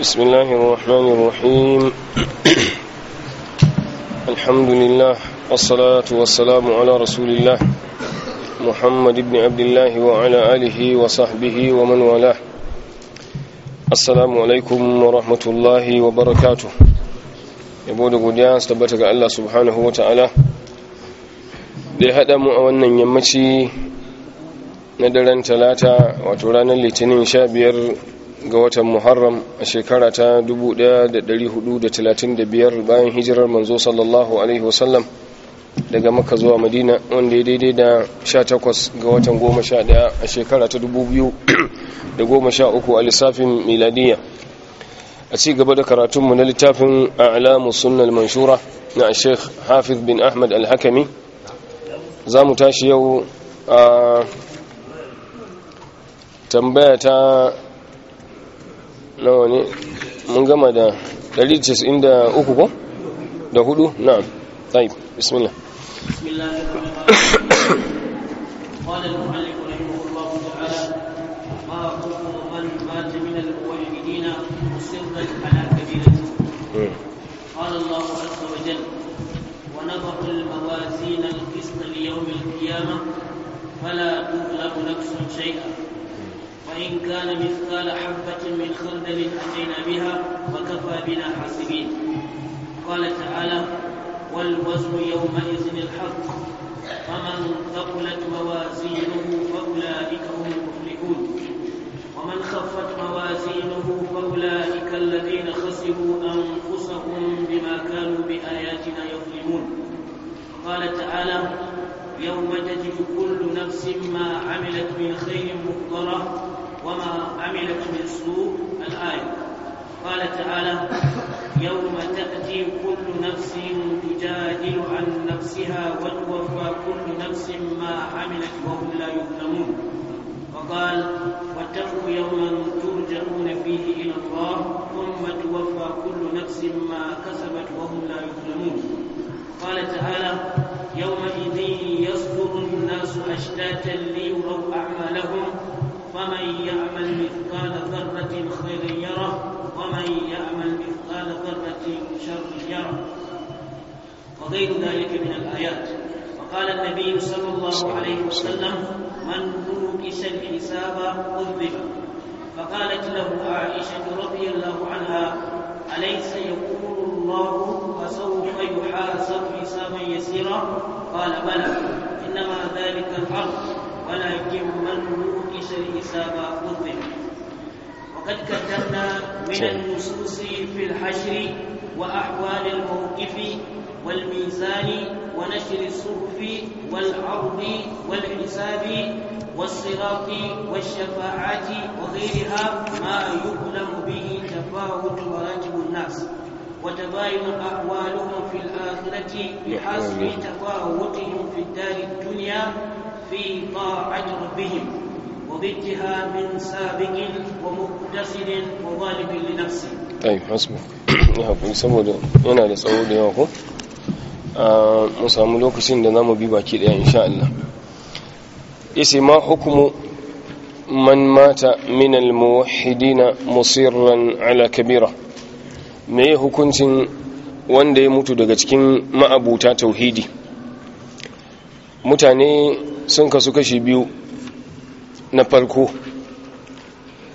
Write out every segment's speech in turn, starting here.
بسم الله الرحمن الرحيم الحمد لله والصلاة والسلام على رسول الله محمد بن عبد الله وعلى آله وصحبه ومن والاه السلام عليكم ورحمة الله وبركاته يبود قديا استبتك الله سبحانه وتعالى لهذا مؤونا يمشي ندرا ثلاثة وترانا لتنين شابير ga watan muharram a shekara ta 1435 bayan hijirar manzo sallallahu alaihi wasallam daga maka zuwa madina wanda ya daidai da 18 ga watan 11 a shekara ta 2013 a lissafin miladiya a ci gaba da karatunmu na littafin a'lamu sunnal manshura na sheikh hafiz bin ahmad al-hakami za mu tashi yau a tambaya ta nawa ne mun gama da 193 ko da hudu na'am طيب بسم الله بسم الله الرحمن الرحيم قال المؤلف رحمه الله تعالى ما حكم من مات من الموحدين مصرا على كبيرته قال الله عز وجل ونضع الموازين القسط ليوم القيامه فلا تظلم نفس شيئا وإن كان مثقال حبة من خردل أتينا بها وكفى بنا حاسبين قال تعالى والوزن يومئذ الحق فمن ثقلت موازينه فأولئك هم المفلحون ومن خفت موازينه فأولئك الذين خسروا أنفسهم بما كانوا بآياتنا يظلمون قال تعالى يوم تجد كل نفس ما عملت من خير مقدره وما عملت من سوء الآية قال تعالى يوم تأتي كل نفس تجادل عن نفسها وتوفى كل نفس ما عملت وهم لا يظلمون وقال واتقوا يوما ترجعون فيه إلى الله ثم توفى كل نفس ما كسبت وهم لا يظلمون قال تعالى يومئذ يصدر الناس أشتاتا ليروا أعمالهم ومن يعمل مثقال ذرة خيرا يره ومن يعمل مثقال ذرة شرا يره وغير ذلك من الآيات وقال النبي صلى الله عليه وسلم من نوكس الحساب عذب فقالت له عائشة رضي الله عنها أليس يقول الله فسوف يحاسب حسابا يسيرا قال بلى إنما ذلك العرض ولكن من نوقش الحساب أذن وقد كتبنا من النصوص في الحشر وأحوال الموقف والميزان ونشر الصحف والعرض والحساب والصراط والشفاعات وغيرها ما يؤلم به تفاوت مراتب الناس وتباين أحوالهم في الآخرة بحسب تفاوتهم في الدار الدنيا في طاعة ربهم وضدها من سابق ومقتصد وظالم لنفسه طيب حسبك haƙuri saboda yana da tsawo da yawa ko mu samu lokacin da namu bi baki ɗaya insha Allah isi ma hukumu man mata min almuwahidina musirran ala kabira me hukuncin wanda ya mutu daga cikin ma'abuta tauhidi mutane sun kasu kashi biyu na farko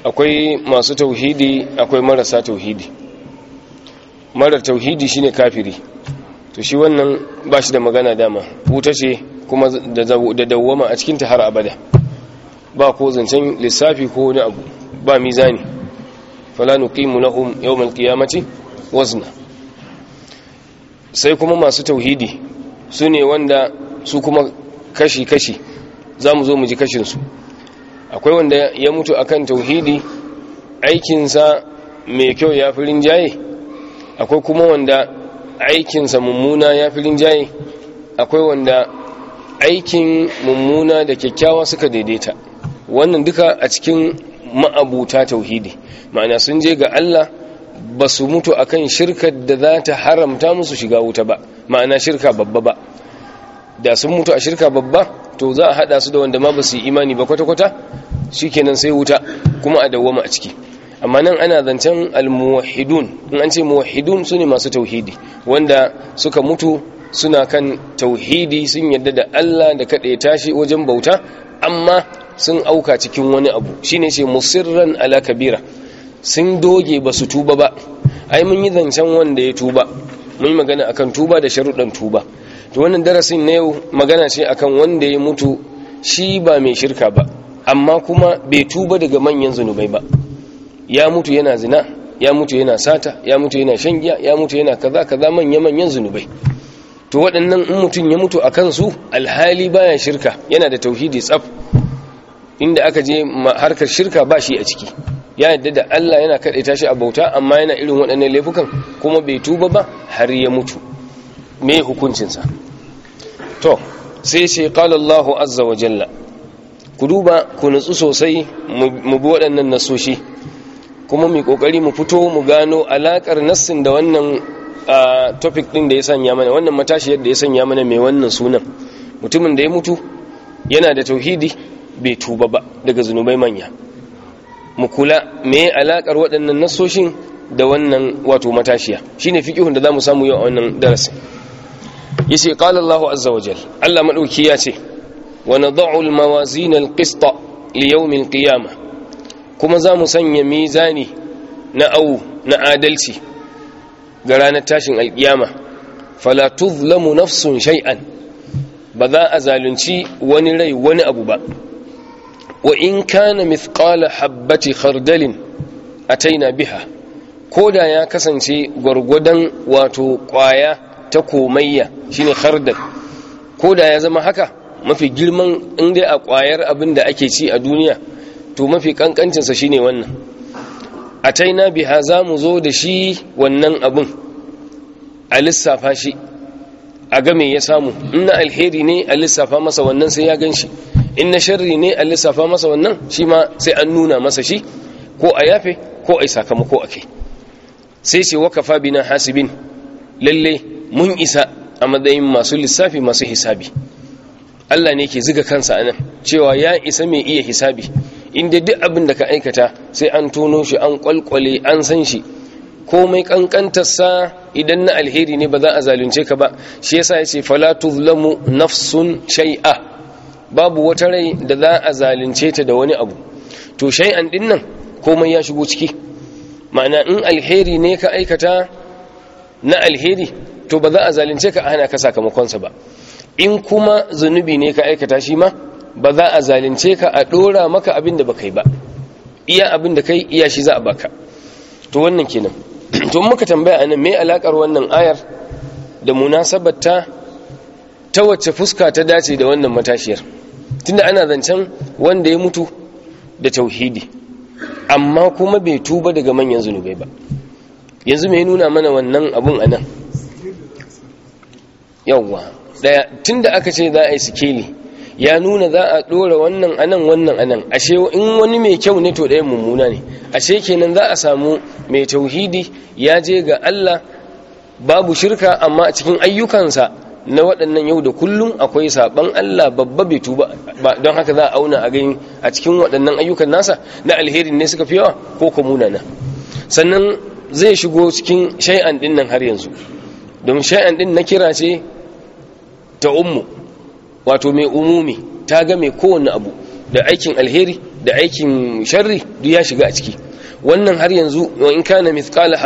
akwai masu tauhidi akwai marasa tauhidi marar tauhidi shine kafiri to shi wannan ba shi da magana dama wuta ce kuma da dawwama a cikinta har abada ba ko zancen lissafi ko wani abu ba mizani fala nuqimu lahum yawmal qiyamati wazna sai kuma masu tauhidi su ne wanda su kuma kashi-kashi za mu zo mu ji kashinsu akwai wanda ya mutu akan tauhidi aikinsa mai kyau ya fi rinjaye akwai kuma wanda aikinsa mummuna ya fi rinjaye akwai wanda aikin mummuna da kyakkyawa suka daidaita wannan duka a cikin ma'abuta tauhidi ma'ana sun je ga Allah ba su mutu akan shirkar da za ta haramta musu shiga wuta ba ma'ana shirka babba ba da sun mutu a shirka babba to za a hada su da wanda ma ba su yi imani ba kwata-kwata kenan sai wuta kuma a dawwama a ciki amma nan ana zancen al almuwahidun in an ce muwahidun su ne masu tauhidi wanda suka mutu suna kan tauhidi sun yadda da Allah da kaɗe tashi wajen bauta amma sun auka cikin wani abu Shi ne ce musirran ala kabira sun doge ba su tuba ba ai mun yi zancen wanda ya tuba mun yi magana akan tuba da sharuɗan tuba to wannan darasin na yau magana ce akan wanda ya mutu shi ba mai shirka ba amma kuma bai tuba daga manyan zunubai ba ya mutu yana zina ya mutu yana sata ya mutu yana shan giya ya mutu yana kaza kaza manya manyan zunubai to waɗannan in mutum ya mutu akan su alhali baya shirka yana da tauhidi tsaf inda aka je harkar shirka ba shi a ciki ya yadda da Allah yana kaɗaita tashi a bauta amma yana irin waɗannan laifukan kuma bai tuba ba har ya mutu Mai hukuncinsa to sai ce kalallahu azza wa jalla ku duba ku nutsu sosai mu bi waɗannan nasoshi kuma mai kokari mu fito mu gano alaƙar nassin da wannan topic ɗin da ya sanya mana wannan matashi yadda ya sanya mana mai wannan sunan mutumin da ya mutu yana da tauhidi bai tuba ba daga zunubai manya mu kula mai alaƙar waɗannan nasoshin da wannan wato matashiya shine fiqihun da za mu samu yau a wannan darasin yace qala Allah azza wa jal Allah madauki ya ce wa nad'u al mawazin al qist li yawm al qiyamah kuma za mu sanya mizani na au na adalci ga ranar tashin alƙiyama. fala tuzlamu nafsun shay'an ba za a zalunci wani rai wani abu ba wa in kana mithqala habbati khardalin ataina biha koda ya kasance gwargwadon wato kwaya ta komayya shine khardak ko da ya zama haka mafi girman in dai a kwayar abin da ake ci a duniya to mafi kankancinsa shine wannan a taina biha za mu zo da shi wannan abin a lissafa shi a ga me ya samu in na alheri ne a lissafa masa wannan sai ya gan shi in na sharri ne a lissafa masa wannan shi ma sai an nuna masa shi ko a yafe ko a yi sakamako a kai sai ce wakafa bina hasibin lallai. mun isa a matsayin masu lissafi masu hisabi Allah ne ke ziga kansa anan cewa ya isa mai iya hisabi inda duk abin da ka aikata sai an tono shi an kwalkwale an san shi komai kankantarsa idan na alheri ne ba za a zalunce ka ba shi yasa yace fala Lamu nafsun Shai'a babu wata rai da za a zalunce ta da wani abu to shay'an din nan komai ya shigo ciki ma'ana in alheri ne ka aikata na alheri to ba za a zalunce ka hana ka sakamakonsa ba in kuma zunubi ne ka aikata shi ma ba za a zalunce ka a dora maka abin da ba kai ba iya abin da kai iya shi za a baka to wannan kenan to muka tambaya anan me alakar wannan ayar da munasabarta ta wacce fuska ta dace da wannan matashiyar tunda ana zancen wanda ya mutu da tauhidi amma kuma bai tuba daga manyan zunubai ba yanzu me nuna mana wannan abun anan yawwa daya tunda aka ce za a yi sikeli ya nuna za a dora wannan anan wannan anan ashe in wani mai kyau ne to ɗayan mummuna ne ashe kenan za a samu mai tauhidi ya je ga Allah babu shirka amma a cikin ayyukansa na waɗannan yau da kullum akwai saban Allah babba bai tuba don haka za a auna a gani a cikin waɗannan ayyukan nasa na alherin ne suka fi yawa ko kuma munana sannan zai shigo cikin shay'an ɗin nan har yanzu don shay'an ɗin na kira ce ta ummu wato mai umumi ta ga mai kowanne abu da aikin alheri da aikin sharri duk ya shiga a ciki wannan har yanzu wa in kana mithqala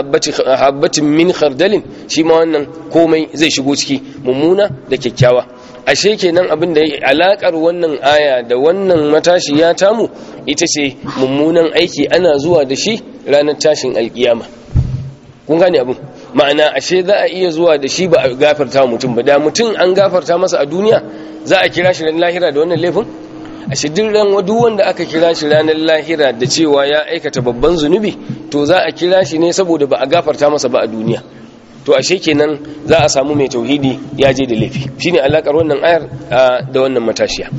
habbatin min khardalin shi ma wannan komai zai shigo ciki mummuna da kyakkyawa ashe kenan abin da alakar wannan aya da wannan matashi ya tamu ita ce mummunan aiki ana zuwa da shi ranar tashin alkiyama kun gane abin ma'ana ashe za a iya zuwa da shi ba a gafarta mutum ba da mutum an gafarta masa a duniya za a kira shi ran lahira da wannan laifin ashe duk ran wadu wanda aka kira shi ranar lahira da cewa ya aikata babban zunubi to za a kira shi ne saboda ba a gafarta masa ba a duniya to ashe kenan za a samu mai tauhidi ya je da laifi shine alakar wannan ayar da wannan matashiya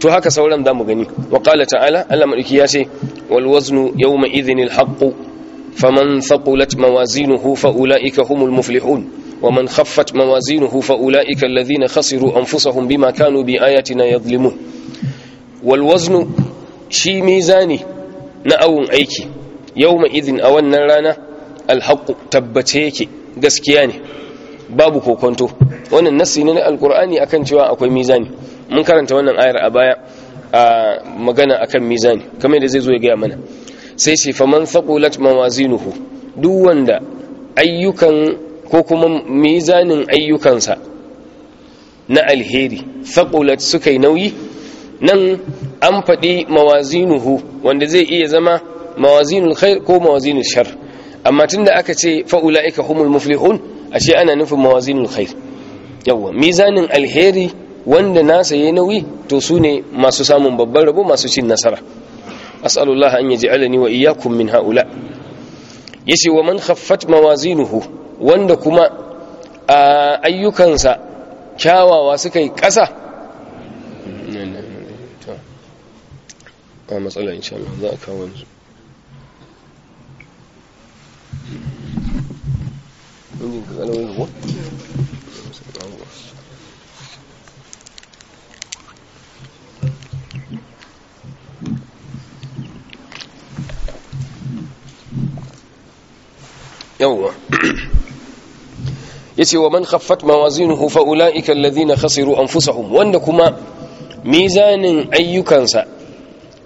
to haka sauran za mu gani wa ta'ala Allah madauki ya ce wal waznu yawma idhinil faman thaqulat mawazinuhu fa ulaika humul muflihun ومن خفت موازينه فأولئك الذين خسروا أنفسهم بما كانوا بآياتنا يظلمون والوزن شي ميزاني نأو أيكي يومئذ أولنا لنا الحق تبتيك قسكياني babu kokonto wannan nasi ne na alkur'ani akan cewa akwai mizani mun karanta wannan ayar a baya a magana akan mizani kamar da zai zo ya gaya mana sai ce faman thaqulat mawazinuhu duk wanda ayyukan ko kuma mizanin ayyukansa na alheri thaqulat suka yi nauyi nan an faɗi mawazinuhu wanda zai iya zama mawazinul khair ko mawazinul shar amma tunda aka ce fa'ula'ika humul muflihun ashe ana nufin mawazinul khair yawwa mizanin alheri wanda nasa yayi nauyi to su ne masu samun babban rabo masu cin nasara أسأل الله أن يجعلني وإياكم من هؤلاء يسي ومن خفت موازينه وندكما آه، أيكنسا كاوا واسكي كسا آه، مسألة إن شاء الله ذاك وانزو Thank you. yawwa yace wa man khaffat mawazinuhu fa ulaika alladhina khasiru anfusahum wanda kuma mizanin ayyukansa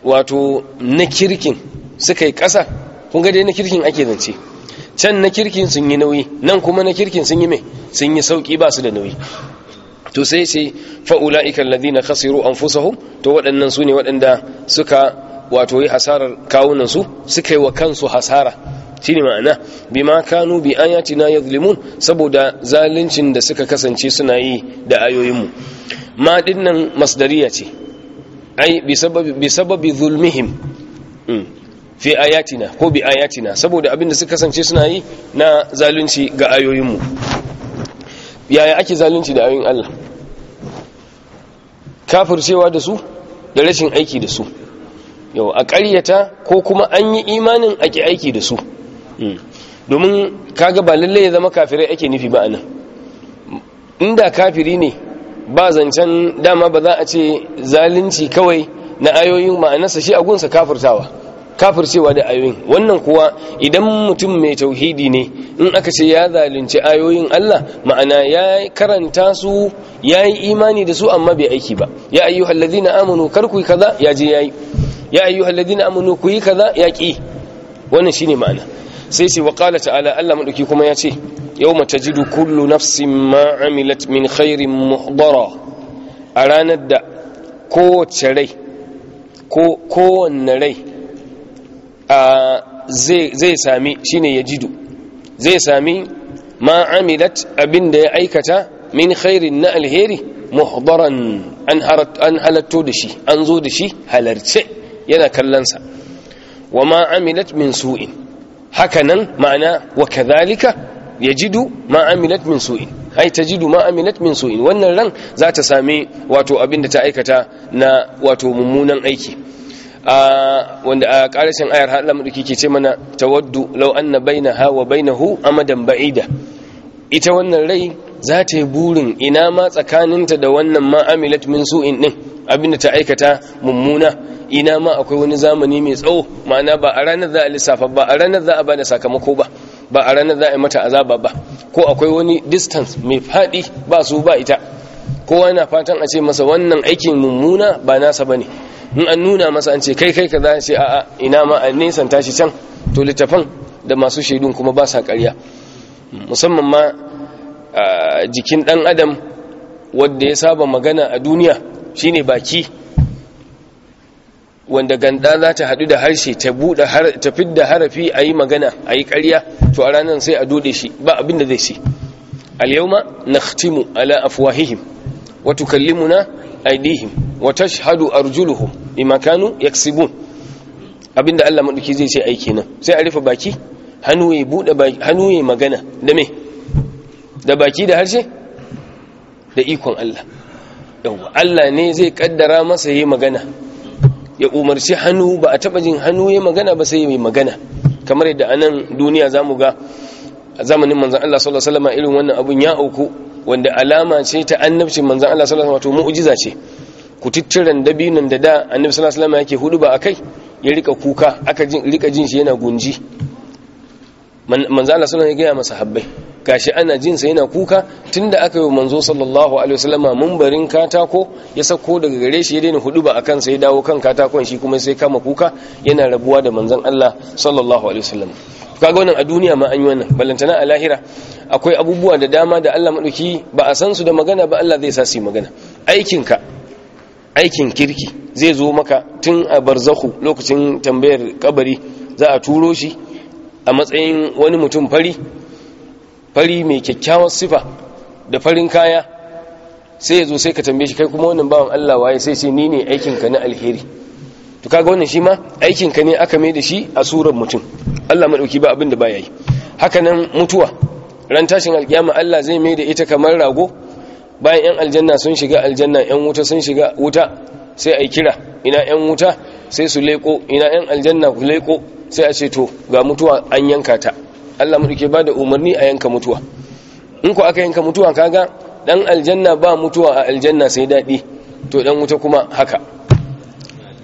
wato na kirkin suka yi kasa kun ga dai na kirkin ake zance can na kirkin sun yi nauyi nan kuma na kirkin sun yi mai sun yi sauki ba su da nauyi to sai sai fa'ula'ika alladhina khasiru anfusahum to waɗannan su ne waɗanda suka wato yi hasarar kawunan su suka yi wa kansu hasara shine ma'ana bima kanu bi ayatina yadhlimun saboda zaluncin da suka kasance suna yi da ayoyinmu ma dinnan masdariya ce ai bi sababi bi sababi zulmihim mm, fi ayatina ko bi ayatina saboda abin da suka kasance suna yi na zalunci ga ayoyinmu yaya ake zalunci da ayoyin Allah kafircewa da su da rashin aiki da su yau a ƙaryata ko kuma an yi imanin ake aiki da su Mm. domin kaga ba lalle ya zama kafirai ake nufi ba anan inda kafiri ne ba zancen dama ba za a ce zalunci kawai na ayoyin ma'anarsa shi a gunsa kafirtawa kafircewa da ayoyin wannan kuwa idan mutum mai tauhidi ne in aka ce ya zalunci ayoyin Allah ma'ana ya karanta su ya yi imani da su amma bai aiki ba ya ayyuhal ladina amanu kar ku yi kaza ya je yayi ya ayyuhal na amanu ku yi kaza ya ki wannan shine ma'ana sai ce waƙala qala ta'ala Allah madauki kuma ya ce yau mace jidu kullu nafsi ma amilat min khairin muhbara a ranar da kowace rai ko kowanne rai a zai sami ya jidu zai sami ma abin abinda ya aikata min khairin na alheri muhbaran an halatto da shi an zo da shi halarce yana kallonsa wa ma min su'in hakanan ma'ana wa kadhalika yajidu ma amilat min su'in ai tajidu ma amilat min su'in wannan ran za ta same wato abin da ta aikata na wato mummunan aiki A wanda a ƙarashin ayar har Allah ke ce mana tawaddu law anna bainaha wa bainahu amadan ba'ida ita wannan rai za ta yi burin ina ma tsakaninta da wannan ma amilat min su'in din abinda ta aikata mummuna ina ma akwai wani zamani mai tsawo ma'ana ba a ranar za a lissafa ba a ranar za a bada sakamako ba ba a ranar za a yi mata azaba ba ko akwai wani distance mai faɗi ba su ba ita kowa na fatan a ce masa wannan aikin mummuna ba nasa ba ne in an nuna masa an ce kai kai ka za a ce a'a ina ma a nesan tashi can to littafan da masu shaidun kuma ba sa ƙarya musamman ma jikin ɗan adam wadda ya saba magana a duniya shine baki wanda ganda za ta haɗu da harshe ta buɗe ta harafi a yi magana a yi ƙarya to a ranar sai a dode shi ba abin da zai shi. al-yawma nakhtimu ala afwahihim wa tukallimuna aydihim wa tashhadu arjuluhum bima kanu yaksibun abinda Allah maɗuki zai ce aiki nan sai a rufe baki hannu ya buɗe hannu ya magana da me da baki da harshe da ikon Allah yau Allah ne zai kaddara masa yi magana ya umarci hannu ba a taba jin hannu ya magana ba sai yi magana kamar yadda anan duniya za mu ga a zamanin manzan Allah sallallahu alaihi wasallam irin wannan abun ya auku wanda alama ce ta annabci manzan Allah sallallahu alaihi wasallam wato mu'jiza ce kutittiran dabinan da da annabi sallallahu alaihi wasallam yake hudu ba akai ya rika kuka aka rika jin shi yana gunji Manzan Allah sallallahu alaihi wasallam ya ga masahabbai gashi ana jin sa yana kuka tunda aka yi manzo sallallahu alaihi wasallama mumbarin katako ya sako daga gare shi ya daina a akan sai dawo kan katakon shi kuma sai kama kuka yana rabuwa da manzon Allah sallallahu alaihi wasallam kaga wannan a duniya ma an yi wannan ballantana a lahira akwai abubuwa da dama da Allah madauki ba a san su da magana ba Allah zai sa su magana aikinka aikin kirki zai zo maka tun a barzahu lokacin tambayar kabari za a turo shi a matsayin wani mutum fari fari mai kyakkyawar sifa da farin kaya sai ya zo sai ka tambaye shi kai kuma wannan bawan Allah waye sai ce ni ne aikinka na alheri to kaga wannan shi ma aikinka ne aka mai da shi a surar mutum Allah madauki ba abin da baya yi haka nan mutuwa ran tashin alkiyama Allah zai mai da ita kamar rago bayan yan aljanna sun shiga aljanna yan wuta sun shiga wuta sai ai kira ina yan wuta sai su leko ina yan aljanna ku leko sai a ce to ga mutuwa an yanka ta Allah mu dake bada umarni a yanka mutuwa in ku aka yanka mutuwa kaga dan aljanna ba mutuwa a aljanna sai dadi to dan wuta kuma haka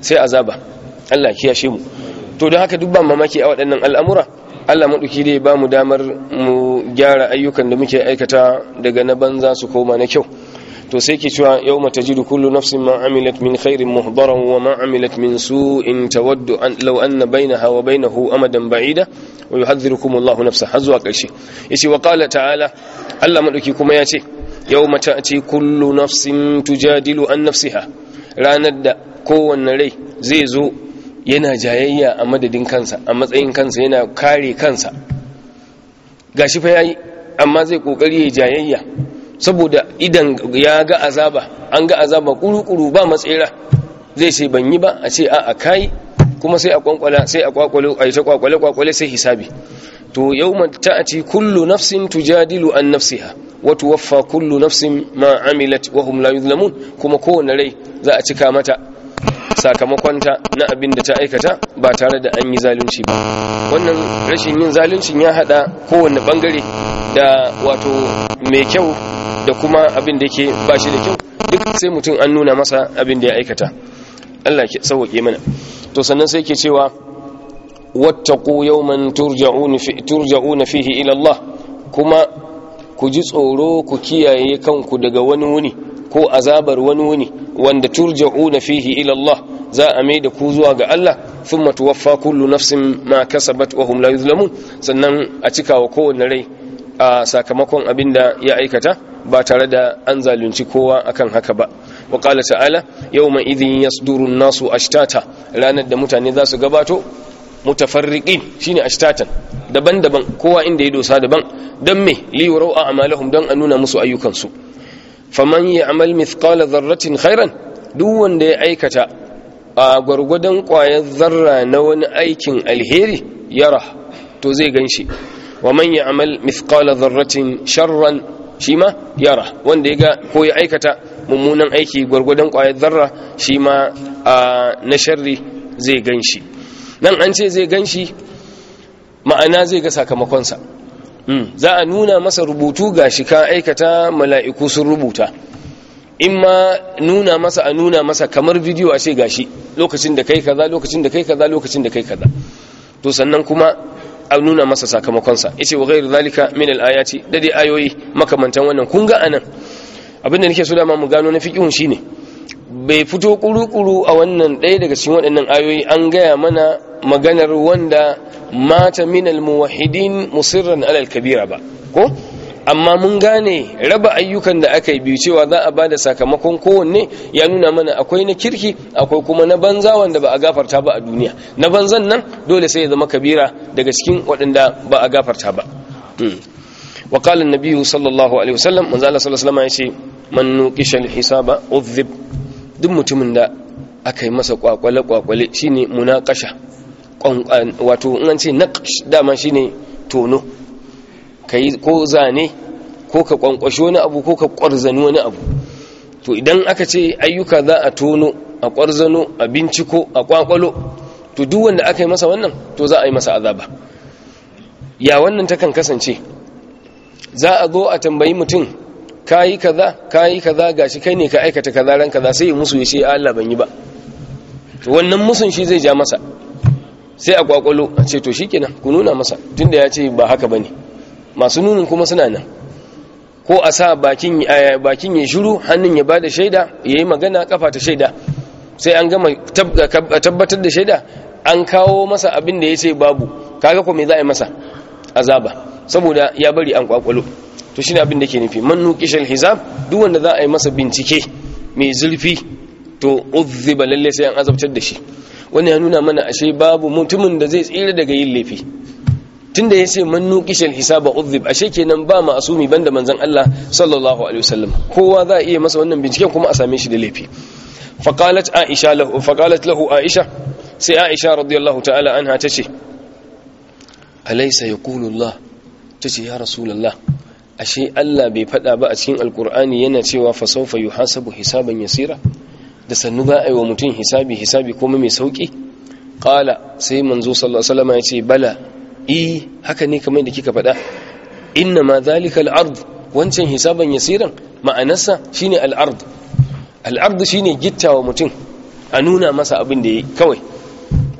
sai azaba Allah kiyashe mu to don haka duk ba mamaki a waɗannan al'amura Allah duki dai ba mu damar mu gyara ayyukan da muke aikata daga na banza su koma na kyau to sai ke cewa yau mata jidu kullu nafsin ma amilat min khairin muhdaran wa ma amilat min su'in tawaddu an law anna bainaha wa bainahu amadan ba'ida wa yuhadhdhirukum Allahu nafsa har zuwa karshe yace wa qala ta'ala Allah madauki kuma yace yau mata ce kullu nafsin tujadilu an nafsiha ranar da kowanne rai zai zo yana jayayya a madadin kansa a matsayin kansa yana kare kansa gashi fa yayi amma zai kokari ya jayayya saboda idan ya ga azaba an ga azaba kurukuru kuru ba matsera zai sai ban yi ba a ce a a kai kuma sai a kwankwala sai a kwakwale a yi ta kwakwale sai hisabi to yau ta ci kullu nafsin tujadilu an nafsiha wa waffa kullu nafsin ma amilat wa la kuma kowane rai za a cika mata sakamakonta na abin da ta aikata ba tare da an yi zalunci ba wannan rashin yin zaluncin ya hada kowane bangare da wato mai kyau da kuma abin da yake ba shi da kyau duk sai mutum an nuna masa abin da ya aikata Allah ke sauke mana to sannan sai ke cewa wattaqu yawman turja'un fi turja'un fihi ila Allah kuma ku ji tsoro ku kiyaye kanku daga wani wuni ko azabar wani wuni wanda na fihi ilallah za a mai da ku zuwa ga Allah thumma tuwaffa kullu nafsin ma kasabat wa hum yuzlamun sannan a cikawa kowanne rai a sakamakon abin da ya aikata ba tare da an zalunci kowa akan haka ba wa qala ta'ala yawma idhin yasduru nasu nasu ashtata ranar da mutane za su gabato mutafarriqin shine ashtatan daban-daban kowa inda ya dosa daban dan me li yurau a'malahum don a nuna musu ayyukansu faman amal mithqala dharratin khairan duk wanda ya aikata a gwargwadon kwayar zarra na wani aikin alheri yara to zai ganshi wa man amal mithqala dharratin sharran shi ma yara wanda ya ga ko ya aikata mummunan aiki gwargwadon kwayar zarra shi ma na sharri zai ganshi nan an ce zai ganshi ma'ana zai ga sakamakonsa Hmm. za a nuna masa rubutu ga shi ka aikata mala'iku sun rubuta in ma nuna masa a nuna masa kamar bidiyo a ce gashi lokacin da kai kaza lokacin da kai kaza lokacin da kai kaza to sannan kuma a nuna masa sakamakonsa ce wa gairu zalika min al ce da dai ayoyi makamantan wannan kun ga anan abinda nake so dama mu gano na shi ne. bai fito kuru-kuru a wannan ɗaya daga cikin waɗannan ayoyi an gaya mana maganar wanda mata minal muwahidin musirran alal kabira ba ko amma mun gane raba ayyukan da aka yi biyu cewa za a bada sakamakon kowanne ya nuna mana akwai na kirki akwai kuma na banza wanda ba a gafarta ba a duniya na banzan nan dole sai ya zama kabira daga cikin waɗanda ba a gafarta ba hmm. wa qala an sallallahu alaihi wasallam manzo sallallahu alaihi wasallam ya ce man nuqisha hisaba udhib duk mutumin da aka yi masa kwakwale-kwakwale shine munakasha wato an ce naqsh dama shine tono Ka yi ko zane ko ka kwankwasho wani abu ko ka kwarzani wani abu to idan aka ce ayyuka za a tono a kwarzano a binciko a kwakwalo to duk wanda aka yi masa wannan to za a yi masa azaba ya wannan takan kasance za a zo a tambayi mutum kayi kaza kayi kaza gashi kai ne ka aikata kaza ran kaza sai musu ya ce ah, Allah ban yi ba to wannan musun shi zai ja masa sai a kwakwalo a ce to shikenan ku nuna masa tunda ya ce ba haka bane masu nunin kuma suna nan ko a sa bakin eh, bakin ya shiru hannun ya bada shaida yayi magana kafa ta shaida sai an gama tabbatar da shaida an kawo masa abin da ya ce babu kaga ko me za a yi masa azaba saboda ya bari an kwakwalo to shine abin da ke nufi man nuqishal hizab duk wanda za a yi masa bincike mai zulfi to uzziba lalle sai an azabtar da shi wannan ya nuna mana ashe babu mutumin da zai tsira daga yin laifi tunda ya ce man nuqishal a uzib ashe kenan ba ma'asumi banda manzon Allah sallallahu alaihi wasallam kowa za a iya masa wannan binciken kuma a same shi da laifi faqalat aisha lahu faqalat lahu aisha sai aisha radiyallahu ta'ala anha tace alaysa yaqulu Allah tace ya rasulullah ashe Allah bai faɗa ba a cikin alkur'ani yana cewa fa sawfa hasabu hisaban yasira da sannu za a yi wa mutum hisabi hisabi kuma mai sauƙi? Ƙala, sai manzo sallallahu ya ce bala i haka ne kamar da kika faɗa inna ma zalikal ard wancan hisaban yasiran ma'anarsa shine al-ard al-ard shine mutum a nuna masa abin da yayi kawai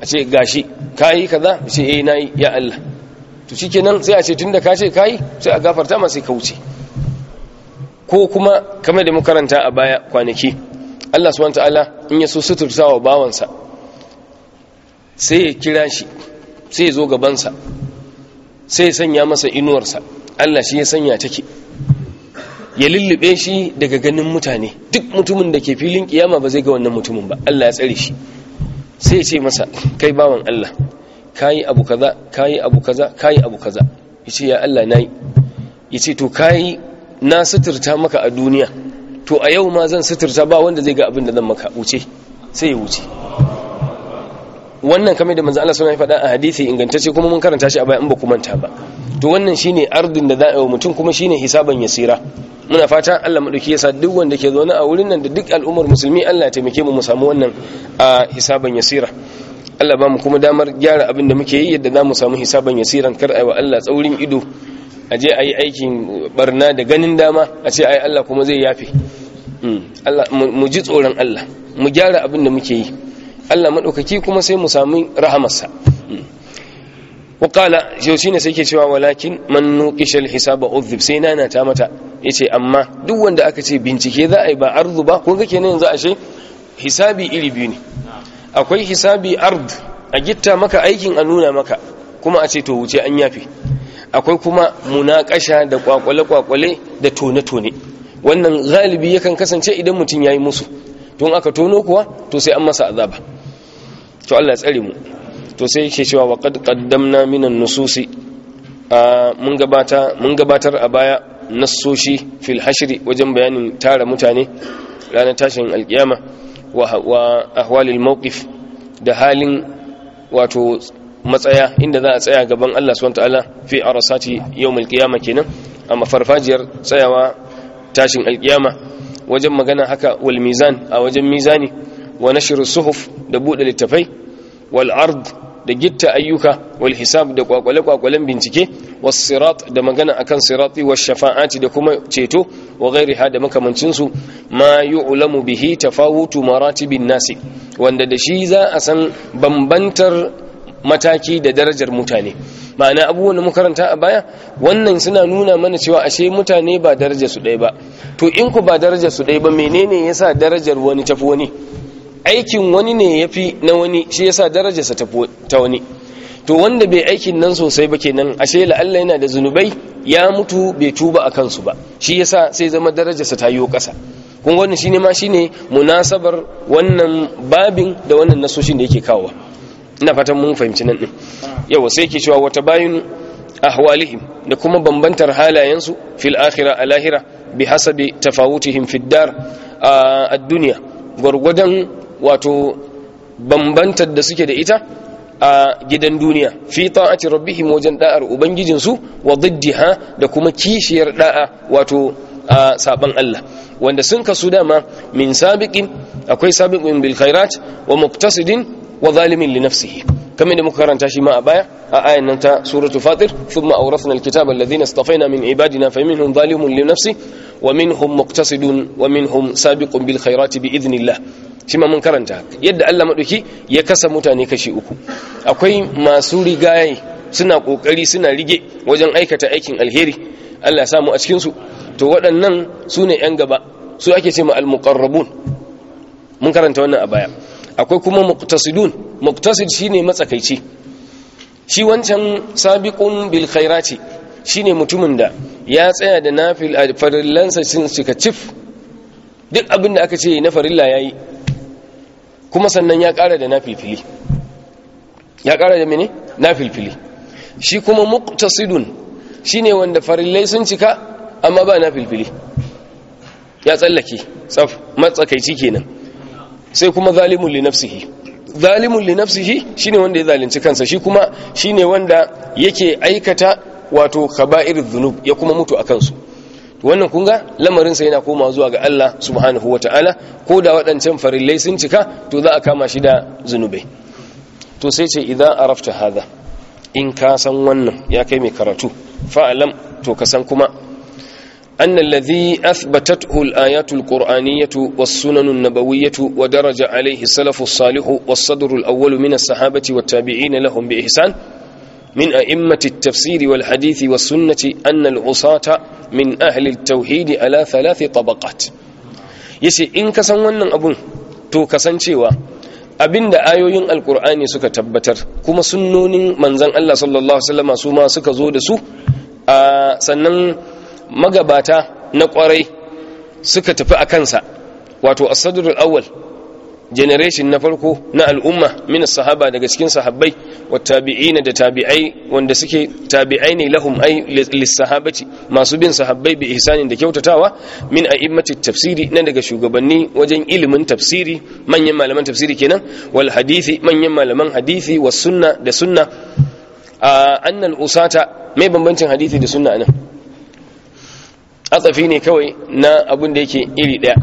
a ce gashi kayi kaza sai eh ya Allah to kenan sai a ce tun da ka ce kai sai a gafarta ma sai ka wuce ko kuma kamar da makaranta a baya kwanaki Allah subhanahu ta'ala in ya so suturta wa bawansa sai ya kira shi sai ya zo gabansa sai ya sanya masa inuwarsa Allah shi ya sanya take ya lullube shi daga ganin mutane duk mutumin da ke filin kiyama ba zai ga wannan mutumin ba Allah ya tsare shi sai ya ce masa kai bawan Allah kayi abu kaza kayi abu kaza kayi abu kaza yace ya Allah nayi yace to kayi na suturta maka a duniya to a yau ma zan suturta ba wanda zai ga abin da zan maka wuce sai ya wuce wannan kamar da manzo Allah sallallahu alaihi faɗa a hadisi ingantacce kuma mun karanta shi a baya in ba ku manta ba to wannan shine ardin da za a yi mutum kuma shine hisaban yasira muna fata Allah madauki yasa duk wanda ke zaune a wurin nan da duk al'ummar musulmi Allah ya taimake mu mu samu wannan a hisaban yasira Allah ba mu kuma damar gyara abin da muke yi yadda za mu samu hisaban yasiran kar wa Allah tsaurin ido a je a yi aikin barna da ganin dama a ce ai Allah kuma zai yafe hmm. mu ji tsoron Allah mu gyara abin da muke yi Allah maɗaukaki kuma sai mu sami rahamarsa hmm. wakala yau shine sai ke cewa walakin man nuqisha hisaba udhib sai nana ta mata yace amma duk wanda aka ce bincike za a yi ba arzu ba ko kake ne yanzu ashe hisabi iri biyu ne akwai hisabi ard a gitta maka aikin a nuna maka kuma a ce to wuce an yafi akwai kuma munakasha da kwakwale-kwakwale da tone-tone wannan galibi yakan kasance idan mutum ya yi musu tun aka tono kuwa to sai an masa azaba to Allah tsare mu to sai yake cewa wa qad qaddamna minan nususi mun gabata mun gabatar a baya nassoshi fil hashri wajen bayanin tara mutane ranar tashin alkiyama wa ahwalil mawqif da halin wato matsaya inda za a tsaya gaban Allah subhanahu wataala fi arasati yawmil qiyama kenan a mafarfajiyar tsayawa tashin alkiyama wajen magana haka wal mizan a wajen mizani wa nashru suhuf da bude littafai wal ard da gitta ayyuka wal hisab da kwakwale kwakwalen bincike was sirat da magana akan sirati was shafa'ati da kuma ceto wa ghairiha da makamancin su ma yu'lamu bihi tafawutu maratibin nasi wanda da shi za a san bambantar mataki da darajar mutane ma'ana abubuwan da makaranta a baya wannan suna nuna mana cewa ashe mutane ba darajar su ɗaya ba to in ku ba darajar su ɗaya ba menene yasa darajar wani tafi wani aikin wani ne ya fi na wani shi yasa darajarsa ta wani to wanda bai aikin nan sosai ba kenan ashe la'alla yana da zunubai ya mutu bai tuba a kansu ba shi yasa sai zama darajarsa ta yiwo ƙasa kun wannan shine ma shine munasabar wannan babin da wannan nasoshin da yake kawo ina fatan mun fahimci nan din yawa sai yake cewa wata bayin ahwalihim da kuma bambantar halayensu fil akhirah alahira bihasabi tafawutihim fid dar a duniya gwargwadon wato bambantar da suke da ita a gidan duniya fi ta'ati rabbihim wajen da'ar ubangijinsu wa diddiha da kuma kishiyar da'a wato a saban Allah wanda sun kasu dama min sabiqin akwai sabiqin bil khairat wa muqtasidin wa zalimin li nafsihi kamar da muka karanta shi ma a baya a ayan nan ta suratu fatir thumma awrathna alkitaba alladhina istafaina min ibadina faminhum zalimun li nafsihi wa minhum muqtasidun wa minhum sabiqun bil khairati bi idhnillah shi ma mun karanta yadda Allah maɗauki ya kasa mutane kashi uku akwai masu rigaye suna ƙoƙari suna rige wajen aikata aikin alheri Allah ya samu a cikinsu to waɗannan su ne ‘yan gaba su ake ce ma al-muqarrabun mun karanta wannan a baya akwai kuma muqtasidun muqtasid shine matsakaici shi wancan sabiqun bil khairati shine mutumin da ya tsaya da nafil farillansa sun cin cif duk abin da aka ce na farilla yayi kuma sannan ya ƙara da nafilfili ya ƙara da mene nafilfili shi kuma muqtasidun shine wanda farillai sun cika amma ba nafilfili ya tsallake tsaf matsakaici kenan sai kuma zalimun li nafsihi zalimun li nafsihi shine wanda ya zalunci kansa shi kuma shine wanda yake aikata wato kaba'ir dhunub ya kuma mutu akan su to wannan kun ga lamarin sa yana koma zuwa ga Allah subhanahu wataala ko da waɗancan farillai sun cika to za a kama shi da zunubai to sai ce idan arafta hadha in ka san wannan ya kai mai karatu fa'alam to ka san kuma annal ladhi athbatathu al-ayatu al wa was-sunanu an-nabawiyyatu wa daraja alayhi salafu salihu was-sadru al-awwalu min as-sahabati wat-tabi'in lahum bi ihsan من أئمة التفسير والحديث والسنة أن العصاة من أهل التوحيد على ثلاث طبقات yace in ka san wannan abun to kasancewa abinda ayoyin alkur'ani suka tabbatar kuma sunnonin manzon Allah sallallahu alaihi wasallam su ma suka zo da su A sannan magabata na kwarai suka tafi a kansa wato as-sadrul awwal generation na farko na al'umma min sahaba daga cikin sahabbai wa tabi'ina da tabi'ai wanda suke tabi'ai ne lahum ai lissahabati masu bin sahabbai bi ihsanin da kyautatawa min a'immatit tafsiri na daga shugabanni wajen ilimin tafsiri manyan malaman tafsiri kenan wal hadisi manyan malaman hadisi was sunna da sunna a annal usata mai bambancin hadisi da sunna anan atsafi ne kawai na abun da yake iri daya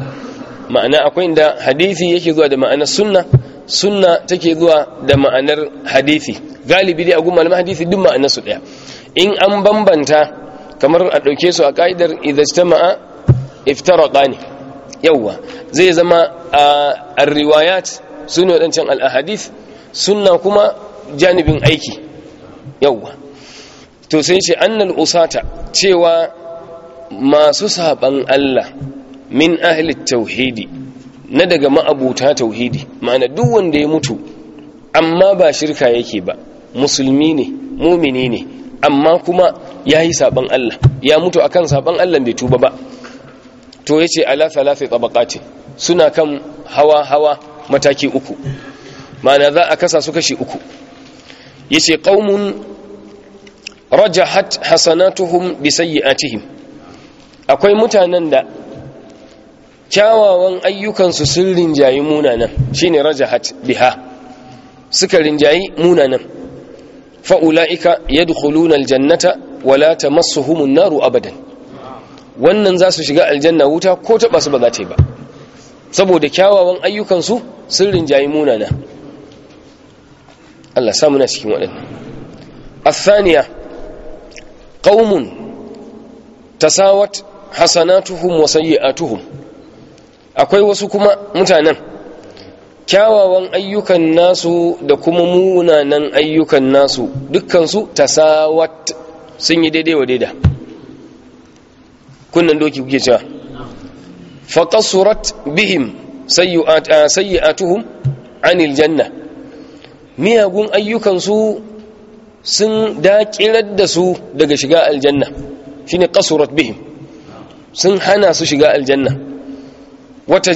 ma'ana akwai inda hadisi yake zuwa da ma'anar sunna sunna take zuwa da ma'anar hadisi galibi dai a gun malaman hadisi duk ma'anar su daya in an bambanta kamar a dauke su a ka'idar idza iftaraqa iftaraqani yawa zai zama ar-riwayat sunu wadancan al-ahadith sunna kuma janibin aiki yawa to sai shi annal usata cewa masu saban Allah min ahli tauhidi na daga ma'abuta tauhidi ma'ana duk wanda ya mutu amma ba shirka yake ba musulmi ne mumini ne amma kuma ya yi saban Allah ya mutu akan saban Allah bai tuba ba to yace ala thalathi tabaqati suna kan hawa hawa mataki uku ma'ana za a kasa su kashi uku yace qaumun rajahat hasanatuhum bi sayyi'atihim akwai mutanen da kyawawan ayyukansu sun rinjayi munanan shine rajahat biha suka rinjayi munanan fa'ula'ika yadkhuluna aljannata wala humun naru abadan wannan za su shiga aljanna wuta ko taba su ba za ta ba saboda kyawawan ayyukansu sun rinjayi munana Allah samu na cikin waɗannan athaniya qaumun tasawat hasanatuhum a tuhum. akwai wasu kuma mutanen kyawawan ayyukan nasu da kuma munanan ayyukan nasu dukkansu sawat sun yi daidai wa daida kunnan doki kuke cewa faqasurat bihim a ah, tuhun anil janna miyagun ayyukansu sun daƙirar da su daga shiga aljanna ne ƙasurat bihim sun hana su shiga aljanna Wata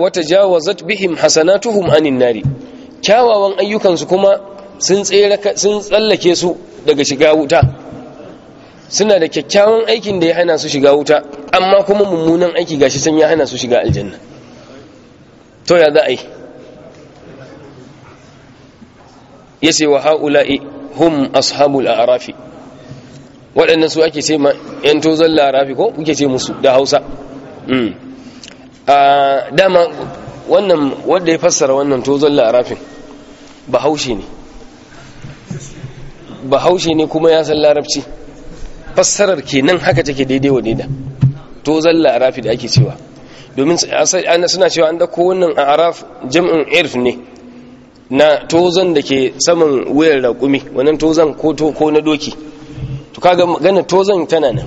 watajawazat bihim hasanatuhum anin nari kyawawan ayyukansu kuma sun tsallake su daga shiga wuta suna da kyakkyawan aikin da ya hana su shiga wuta amma kuma mummunan aiki gashi sun ya hana su shiga aljanna to ya za a yi ya ce wa ha'ula'i hum ashabul arafi waɗannan su ake ce ma 'yan tozon larafi ko kuke ce musu da hausa dama wannan wanda ya fassara wannan tozon larafin bahaushe ne bahaushe ne kuma ya san larabci fassarar kenan haka take daidai wa daida tozon larafi da ake cewa domin suna cewa an dauko wannan araf jam'in irf ne na tozon da ke saman wuyar raƙumi wannan tozon ko na doki to kaga gana tozon tana nan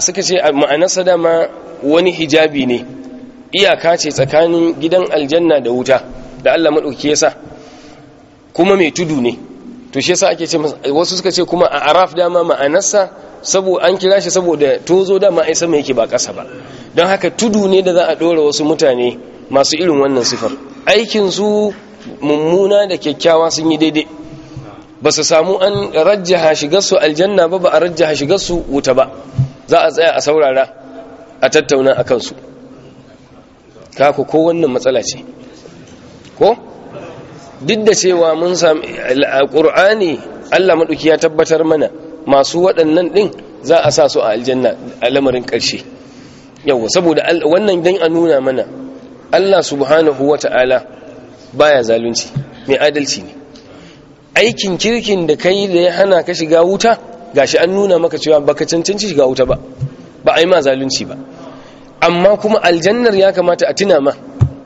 suka ce ma'anarsa dama wani hijabi ne iyaka ce tsakanin gidan aljanna da wuta da Allah maɗauki yasa kuma mai tudu ne to shi yasa ake ce wasu suka ce kuma a araf dama ma'anarsa saboda an kira shi saboda tozo dama ai sama yake ba kasa ba don haka tudu ne da za a ɗora wasu mutane masu irin wannan sifar aikin su mummuna da kyakkyawa sun yi daidai ba su samu an rajjaha shigar su aljanna ba ba a rajjaha shigar su wuta ba za a tsaya a saurara a tattauna a kansu kako ko wannan matsala ce ko duk da cewa mun sami alƙur'ani Allah maɗauki ya tabbatar mana masu waɗannan ɗin za a sa su a aljanna a lamarin ƙarshe yau saboda wannan don a nuna mana Allah subhanahu wa ta'ala baya zalunci mai adalci ne aikin kirkin da kai da ya hana ka shiga wuta gashi an nuna maka cewa baka cancanci shiga wuta ba ba a yi ma zalunci ba amma kuma aljannar ya kamata a tuna ma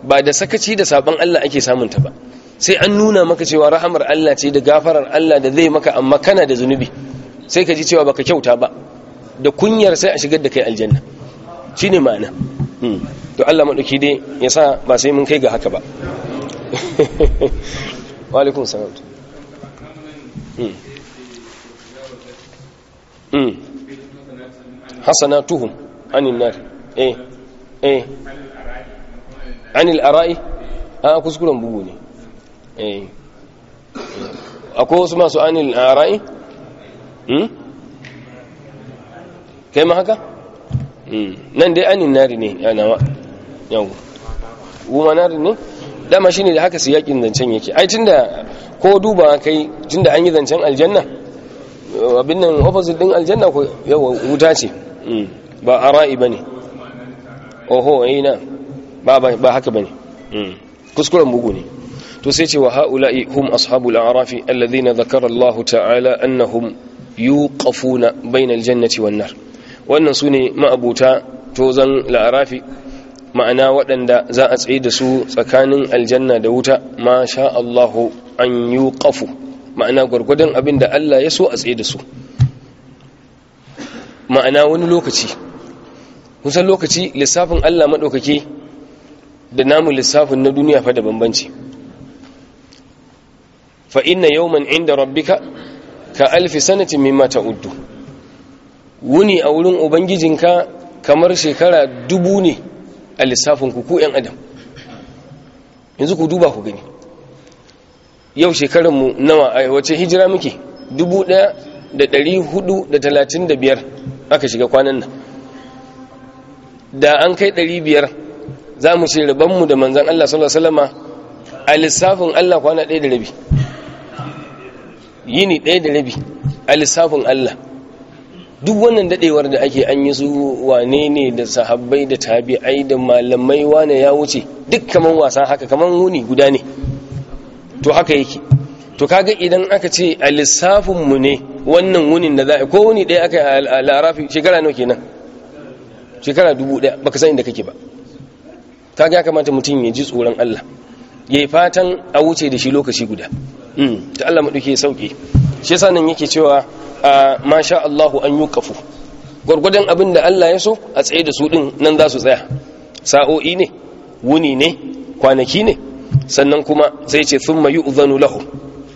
ba da sakaci da sabon Allah ake samun ta ba sai an nuna maka cewa rahamar Allah ce da gafarar Allah da zai maka amma kana da zunubi sai ka ji cewa baka kyauta ba da kunyar sai a shigar da kai aljanna shine ma'ana hmm. to Allah madauki dai ya sa ba sai mun kai ga haka ba wa alaikum salam hmm. Hmm. hasanatuhum anin nar eh eh anil ara'i a ah, kuskuren bugu ne eh akwai su masu anil ara'i hmm kai ma haka hmm. nan dai anin nari ne yanawa yawon kuma nari ne dama shi da haka su yakin zancen yake ai tunda ko duba kai tunda an yi zancen aljanna abin nan opposite din aljanna ko yawa wuta ce hmm. ba ara'i ba ne oho eh, ina ba ba haka bane hmm. kuskuren bugu ne to sai ce wa haula'i hum ashabul a'rafi alladhina dhakara Allah ta'ala annahum yuqafuna bainal jannati wan nar wannan sune ma'abuta tozan la'arafi ma'ana waɗanda za a tsaye da su tsakanin aljanna da wuta ma sha Allahu an yi ma'ana gwargwadon abin da Allah ya so a tsaye da su ma'ana wani lokaci kusan lokaci lissafin allah maɗaukaki da namun lissafin na duniya fa da bambanci fa inna yawman inda rabbika ka alfi sanatin mimma ta'uddu wuni a wurin ubangijinka kamar shekara dubu ne a lissafin ku yan adam yanzu ku duba ku gani yau shekarunmu nawa a wace hijira muke dubu ɗaya da ɗari hudu da talatin da biyar aka shiga kwanan nan da an kai ɗari biyar za mu ce mu da manzan Allah sallallahu Alaihi a lissafin Allah kwana ɗaya da rabi yini ɗaya da rabi a lissafin Allah duk wannan dadewar da ake an yi su wane ne da sahabbai da tabi'ai da malamai wane ya wuce duk kaman wasa haka kaman wuni guda ne to haka yake to kaga idan aka ce a lissafinmu ne wannan wunin da za a ko wuni ɗaya aka yi a larafi shekara nawa kenan shekara dubu ɗaya baka san inda kake ba ka ga kamata mutum ya ji tsoron Allah yayi fatan a wuce da shi lokaci guda ta mm, Allah ke sauke shi yasa nan yake cewa a masha Allahu an kafu Gwargwadon abin da Allah ya so a tsaye da su din nan za su tsaya sa'o'i ne wuni ne kwanaki ne sannan kuma sai ce thumma yu'zanu lahu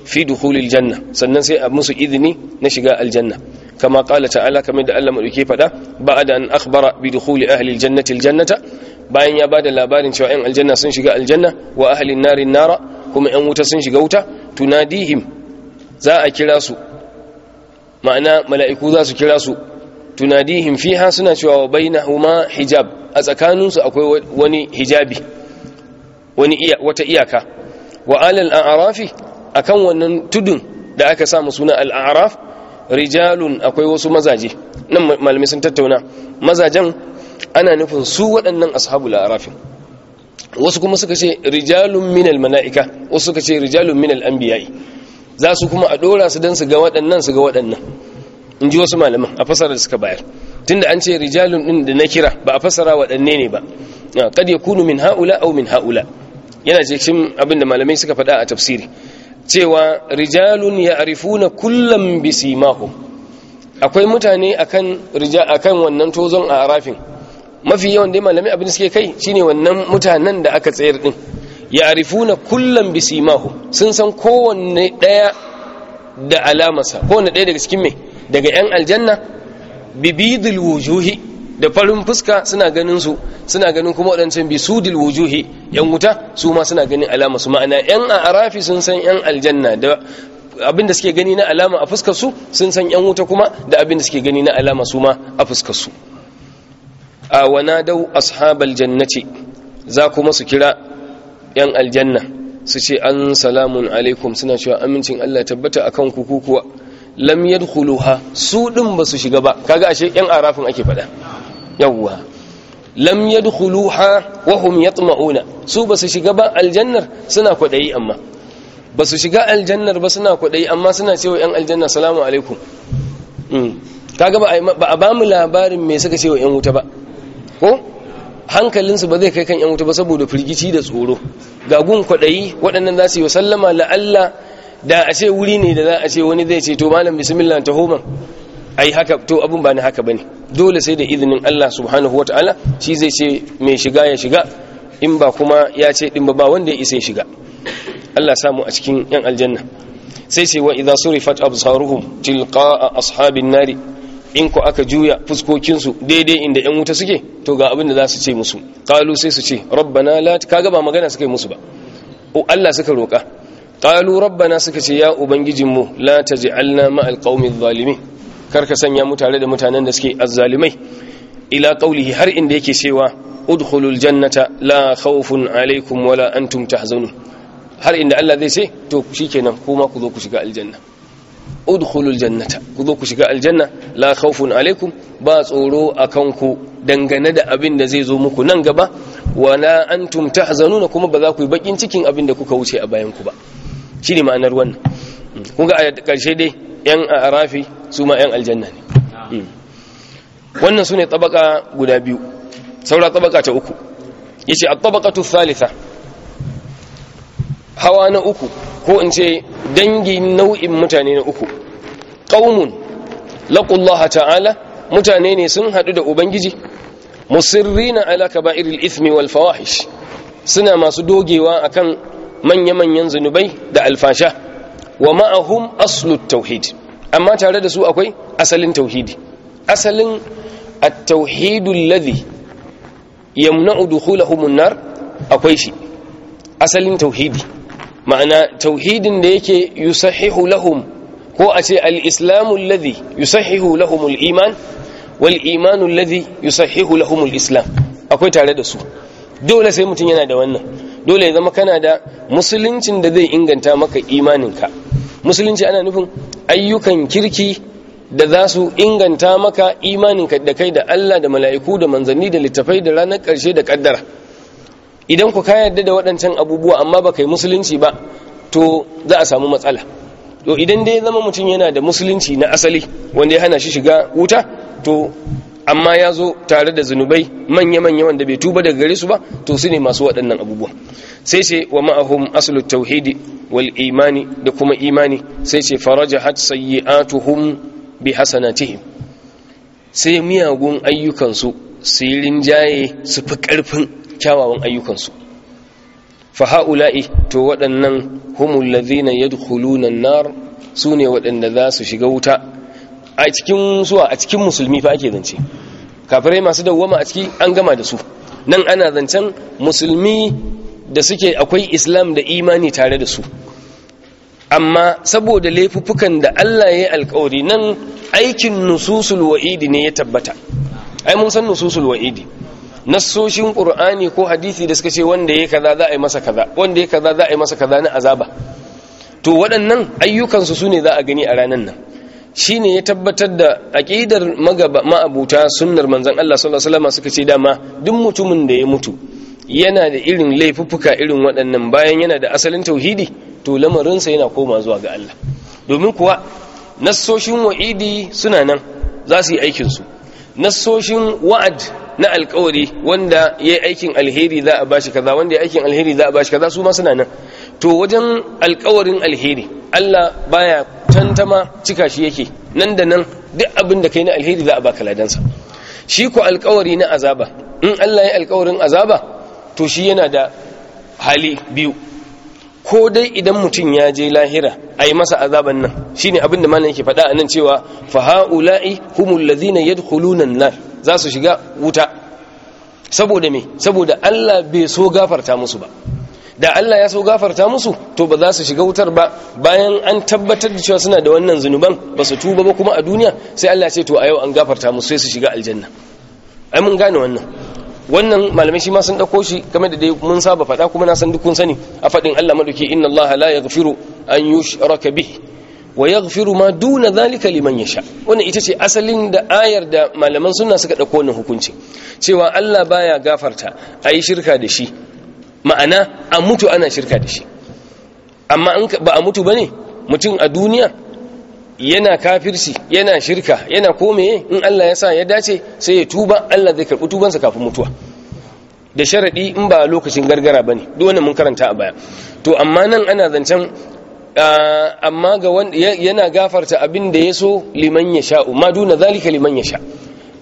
fi dukhulil janna sannan sai a musu izini na shiga aljanna kama qala ala kamar da Allah madauke fada ba'da an akhbara bi dukhuli ahli jannatin jannata. bayan ya bada labarin cewa yan aljanna sun shiga aljanna wa ahli an nara kuma yan wuta sun shiga wuta tunadihim za a kira su ma'ana mala'iku za su kira su tunadihim fiha suna cewa wa bainahuma hijab a tsakaninsu akwai wani hijabi wani iya wata iyaka wa alal a'rafi akan wannan tudun da aka samu suna al-a'raf rijalun akwai wasu mazaje nan malamai sun tattauna mazajen ana nufin su waɗannan ashabu la'arafin wasu kuma suka ce rijalun minal mala'ika wasu suka ce rijalun minal anbiya'i za su kuma a dora su dan su ga waɗannan su ga waɗannan in ji wasu malaman a fasara da suka bayar tunda an ce rijalun din da na kira ba a fasara waɗanne ne ba kad kunu min haula au min haula yana cikin abin da malamai suka faɗa a tafsiri cewa rijalun na kullum bisimahu akwai mutane akan wannan tozon a arafin mafi yawan dai malami abin suke kai shine wannan mutanen da aka tsayar din na kullum bisimahum sun san kowanne daya da alamarsa kowanne daya daga cikin me daga yan aljanna bibidul wujuhi da farin fuska suna ganin su suna ganin kuma waɗancan bi sudil wujuhi yan wuta su ma suna ganin alama su ma'ana yan arafi sun san yan aljanna da abin da suke gani na alama a fuskar su sun san yan wuta kuma da abin da suke gani na alama su ma a fuskar su a wana dau ashabal jannati za kuma su kira yan aljanna su ce an salamun alaikum suna cewa amincin Allah tabbata akan ku kuwa lam yadkhuluha su din ba su shiga ba kaga ashe yan arafin ake faɗa yawwa lam yadkhuluha wa hum yatma'una su basu shiga ba aljannar suna kwadayi amma basu shiga aljannar ba suna kwadayi amma suna cewa yan aljanna salamu alaikum mm. kaga ba ba a bamu labarin me suka cewa yan wuta ba ko hankalinsu ba zai kai kan yan wuta ba saboda firgici da tsoro ga gun kwadayi waɗannan za su yi sallama la'alla da a ce wuri ne da za a ce wani zai ce to malam bismillah ta ai haka to abun ba ni haka bane dole sai da izinin Allah subhanahu wataala shi zai ce mai shiga ya shiga in ba kuma ya ce din ba wanda ya isa ya shiga Allah samu a cikin yan aljanna sai ce wa idza surifat absaruhum tilqa'a ashabin nari in ku aka juya fuskokinsu daidai inda yan wuta suke to ga abin da za su ce musu qalu sai su ce rabbana la kaga ba magana suka yi musu ba Allah suka roka qalu rabbana suka ce ya ubangijinmu la taj'alna ma'al qaumi zalimin karka sanya mu tare da mutanen da suke azzalimai ila qaulihi har inda yake cewa udkhulul jannata la khawfun alaikum wala antum tahzanun har inda Allah zai ce to shikenan kuma ku zo ku shiga aljanna udkhulul jannata ku zo ku shiga aljanna la khawfun alaikum ba tsoro akan ku dangane da abin da zai zo muku nan gaba wala antum tahzanun kuma ba za ku yi bakin cikin abin da kuka wuce a bayan ku ba shine ma'anar wannan kun ga a ƙarshe dai yan arafi su ma 'yan aljanna ne hmm. wannan su ne tabaka guda biyu saura tabaka ta uku ya ce a tabakatu salisa hawa na uku ko in ce dangi nau'in mutane na uku ƙaumun laƙullaha ta'ala mutane ne sun haɗu da ubangiji musirrina ala kaba'iril ismi wal fawahish suna masu dogewa akan manya-manyan zunubai da alfasha wa ma'ahum aslut tauhid amma tare da su akwai asalin tauhidi asalin at-tauhidul ladhi yamna'u dukhulahumun nar akwai shi asalin tauhidi ma'ana tauhidin da yake yusahihu lahum ko a ce al-islamu alladhi yusahihu lahum al-iman wal imanu alladhi yusahihu lahum al-islam akwai tare da su dole sai mutum yana da wannan dole ya zama kana da musuluncin da zai inganta maka imaninka musulunci ana nufin ayyukan kirki da za su inganta maka imanin da kai da Allah da mala'iku da manzanni da littafai da ranar ƙarshe da ƙaddara idan ku ka yarda da waɗancan abubuwa amma ba kai musulunci ba to za a samu matsala to idan dai zama mutum yana da musulunci na asali wanda ya hana shi shiga wuta to amma ya zo tare da zunubai manya-manya wanda bai tuba daga gare su ba to su ne masu waɗannan abubuwa sai ce wa ma'ahum aslu tauhidi wal imani da kuma imani sai ce faraja a sayyi'atuhum bi tihim sai miyagun ayyukansu su yi rinjaye su fi ƙarfin kyawawan ayyukansu fa ha'ula'i to waɗannan humul ladhina yadkhuluna an-nar ne waɗanda za su shiga wuta a cikin suwa a cikin musulmi fa ake zance kafirai masu dawwama a ciki an gama da su nan ana zancen musulmi da suke akwai islam da imani tare da su amma saboda laifuffukan da Allah ya yi alkawari nan aikin nususul wa'idi ne ya tabbata ai mun san nususul wa'idi nassoshin qur'ani ko hadisi da suka ce wanda ya kaza za a yi masa kaza wanda yake kaza za a yi masa kaza na azaba to waɗannan ayyukansu su ne za a gani a ranan nan Shi ne ya tabbatar da aƙidar ma'abuta sunnar manzon Allah sallallahu alaihi wasallam suka ce dama duk mutumin da ya mutu yana da irin laifuffuka irin waɗannan bayan yana da asalin tauhidi to lamarinsa yana koma zuwa ga Allah domin kuwa nassoshin wa'idi suna nan za su yi aikin su nassoshin wa'ad na alkawari wanda yayi aikin alheri za a bashi kaza wanda yayi aikin alheri za a bashi kaza su ma suna nan to wajen alkawarin alheri Allah baya tantama cika shi yake nan da nan duk abin da kai na alheri za a baka ladansa shi ko alkawari na azaba in Allah ya alkawarin azaba to shi yana da hali biyu ko dai idan mutum ya je lahira a yi masa azaban nan shi ne da malam yake faɗa a nan cewa faha'ula'i humul ladzina yadkhuluna nan za su shiga wuta saboda me saboda Allah bai so gafarta musu ba da Allah ya so gafarta musu to ba za su shiga wutar ba bayan an tabbatar da cewa suna da wannan zunuban ba su tuba ba kuma a duniya sai Allah ce to a yau an gafarta musu sai su shiga aljanna ai mun gane wannan wannan malamai shi ma sun dauko shi game da dai mun saba faɗa kuma na san duk kun sani a fadin Allah madauki inna Allah la yaghfiru an yushraka bihi wa yaghfiru ma duna zalika liman yasha wannan ita ce asalin da ayar da malaman sunna suka dauko wannan hukunci cewa Allah baya gafarta ayi shirka da shi ma'ana a mutu ana shirka da shi amma ba a mutu ba ne mutum a duniya yana kafirci yana shirka yana kome in Allah ya sa ya dace sai ya tuba Allah zai karɓi tubansa kafin mutuwa da sharaɗi in ba a lokacin gargara ba ne duk mun karanta a baya to amma nan ana zancen amma ga wanda yana gafarta abin da ya so liman ya sha'u ma duna zalika liman ya sha'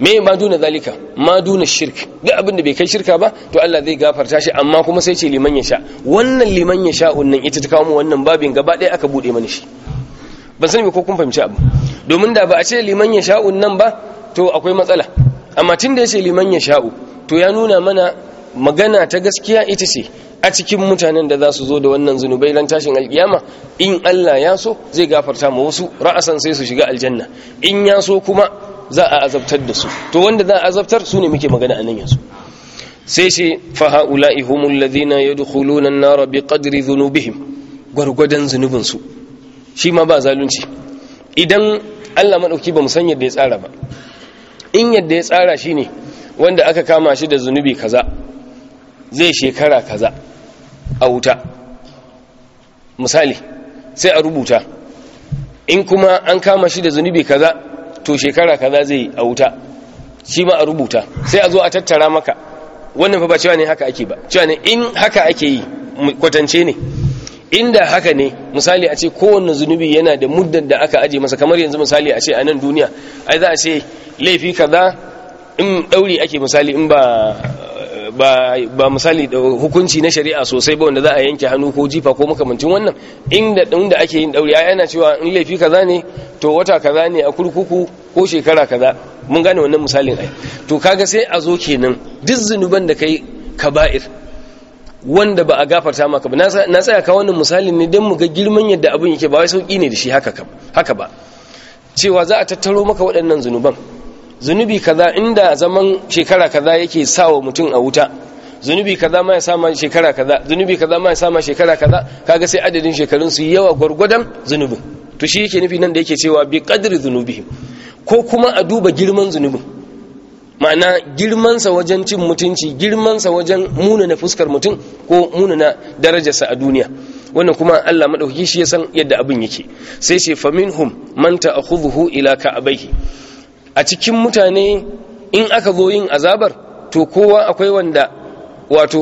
me ma duna zalika ma duna shirk duk abin da bai kai shirka ba to Allah zai gafarta shi amma kuma sai ce liman ya sha wannan liman ya sha unnan ita ta kawo mu wannan babin gaba ɗaya aka bude mana shi ban sani ko kun fahimci abu domin da ba a ce liman ya sha unnan ba to akwai matsala amma tun da ya ce liman ya sha'u to ya nuna mana magana ta gaskiya ita ce a cikin mutanen da za su zo da wannan zunubai ran tashin alkiyama in Allah ya so zai gafarta ma wasu ra'asan sai su shiga aljanna in ya so kuma za a azabtar da su to wanda za a azabtar su ne muke magana a nan yanzu sai shi fa haula'i humul ladina yadkhuluna an na rabi dhunubihim gurgudan zunubin su shi ma ba zalunci idan Allah maɗauki ba mu san yadda ya tsara ba in yadda ya tsara shi ne wanda aka kama shi da zunubi kaza zai shekara kaza a wuta misali sai a rubuta in kuma an kama shi da zunubi kaza to shekara kaza zai a wuta shi ma a rubuta sai a zo a tattara maka wannan fa ba cewa ne haka ake ba cewa ne in haka ake yi kwatance ne inda haka ne misali a ce kowanne zunubi yana da muddan da aka aje masa kamar yanzu misali a ce a nan duniya ai za a ce laifi kaza in dauri ake misali in ba ba misali da hukunci na shari'a sosai ba wanda za a yanke hannu ko jifa ko makamancin wannan inda din ake yin daure ai ana cewa in laifi kaza ne to wata kaza ne a kurkuku ko shekara kaza mun gane wannan misalin ai to kaga sai a zo kenan duk zunuban da kai kaba'ir wanda ba a gafarta maka ba na tsaya ka wannan misalin ne don mu ga girman yadda abin yake ba wai sauki ne da shi haka ba cewa za a tattaro maka waɗannan zunuban zunubi kaza inda zaman shekara kaza yake sawa mutum a wuta zunubi kaza ma ya sama shekara kaza zunubi kaza ma ya sama shekara kaza kaga sai adadin shekarun su yawa gwargwadon zunubin to shi yake nufi nan da yake cewa bi qadri zunubi ko kuma a duba girman zunubin ma'ana girmansa wajen cin mutunci girmansa wajen na fuskar mutum ko munana darajarsa a duniya wannan kuma Allah madaukaki shi ya san yadda abin yake sai ce faminhum man ta'khudhuhu ila ka'abayhi a cikin mutane in aka zo yin azabar to kowa akwai wanda wato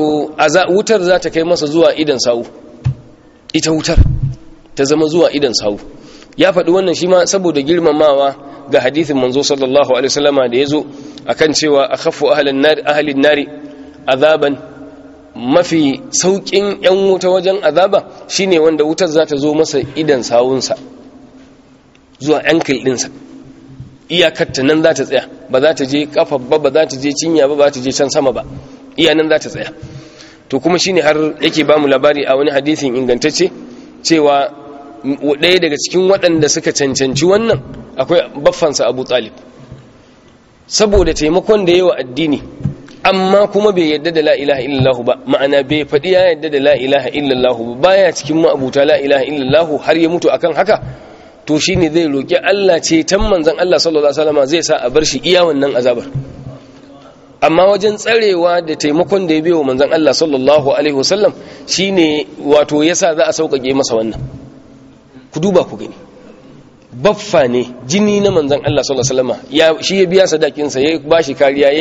wutar za ta kai masa zuwa idan sawu ita wutar ta zama zuwa idan sawu ya faɗi wannan shi ma saboda girmamawa ga hadithin manzo sallallahu alaihi wasallama da yazo akan cewa akhafu ahlan nar ahlin nari azaban mafi saukin yan wuta wajen azaba shine wanda wutar za ta zo masa idan sawunsa zuwa ankle ɗinsa Iyakarta nan za ta tsaya ba za ta je kafa ba ba za ta je cinya ba ba ta je can sama ba iya nan za ta tsaya to kuma shine har yake bamu labari a wani hadisin ingantacce cewa ɗaya daga cikin waɗanda suka cancanci wannan akwai baffansa Abu Talib saboda taimakon da yawa addini amma kuma bai yadda da la ilaha ba ma'ana bai faɗi ya yadda da la ilaha ba baya cikin ma'abuta lailaha ilaha har ya mutu akan haka to ne zai roki Allah ce tan manzan Allah sallallahu alaihi wasallama zai sa a bar shi iya wannan azabar amma wajen tsarewa da taimakon da ya biyo manzan Allah sallallahu alaihi wasallam shine wato yasa za a sauƙaƙe masa wannan ku duba ku gani baffa ne jini na manzan Allah sallallahu alaihi wasallama shi ya biya sadakinsa ya ya bashi kariya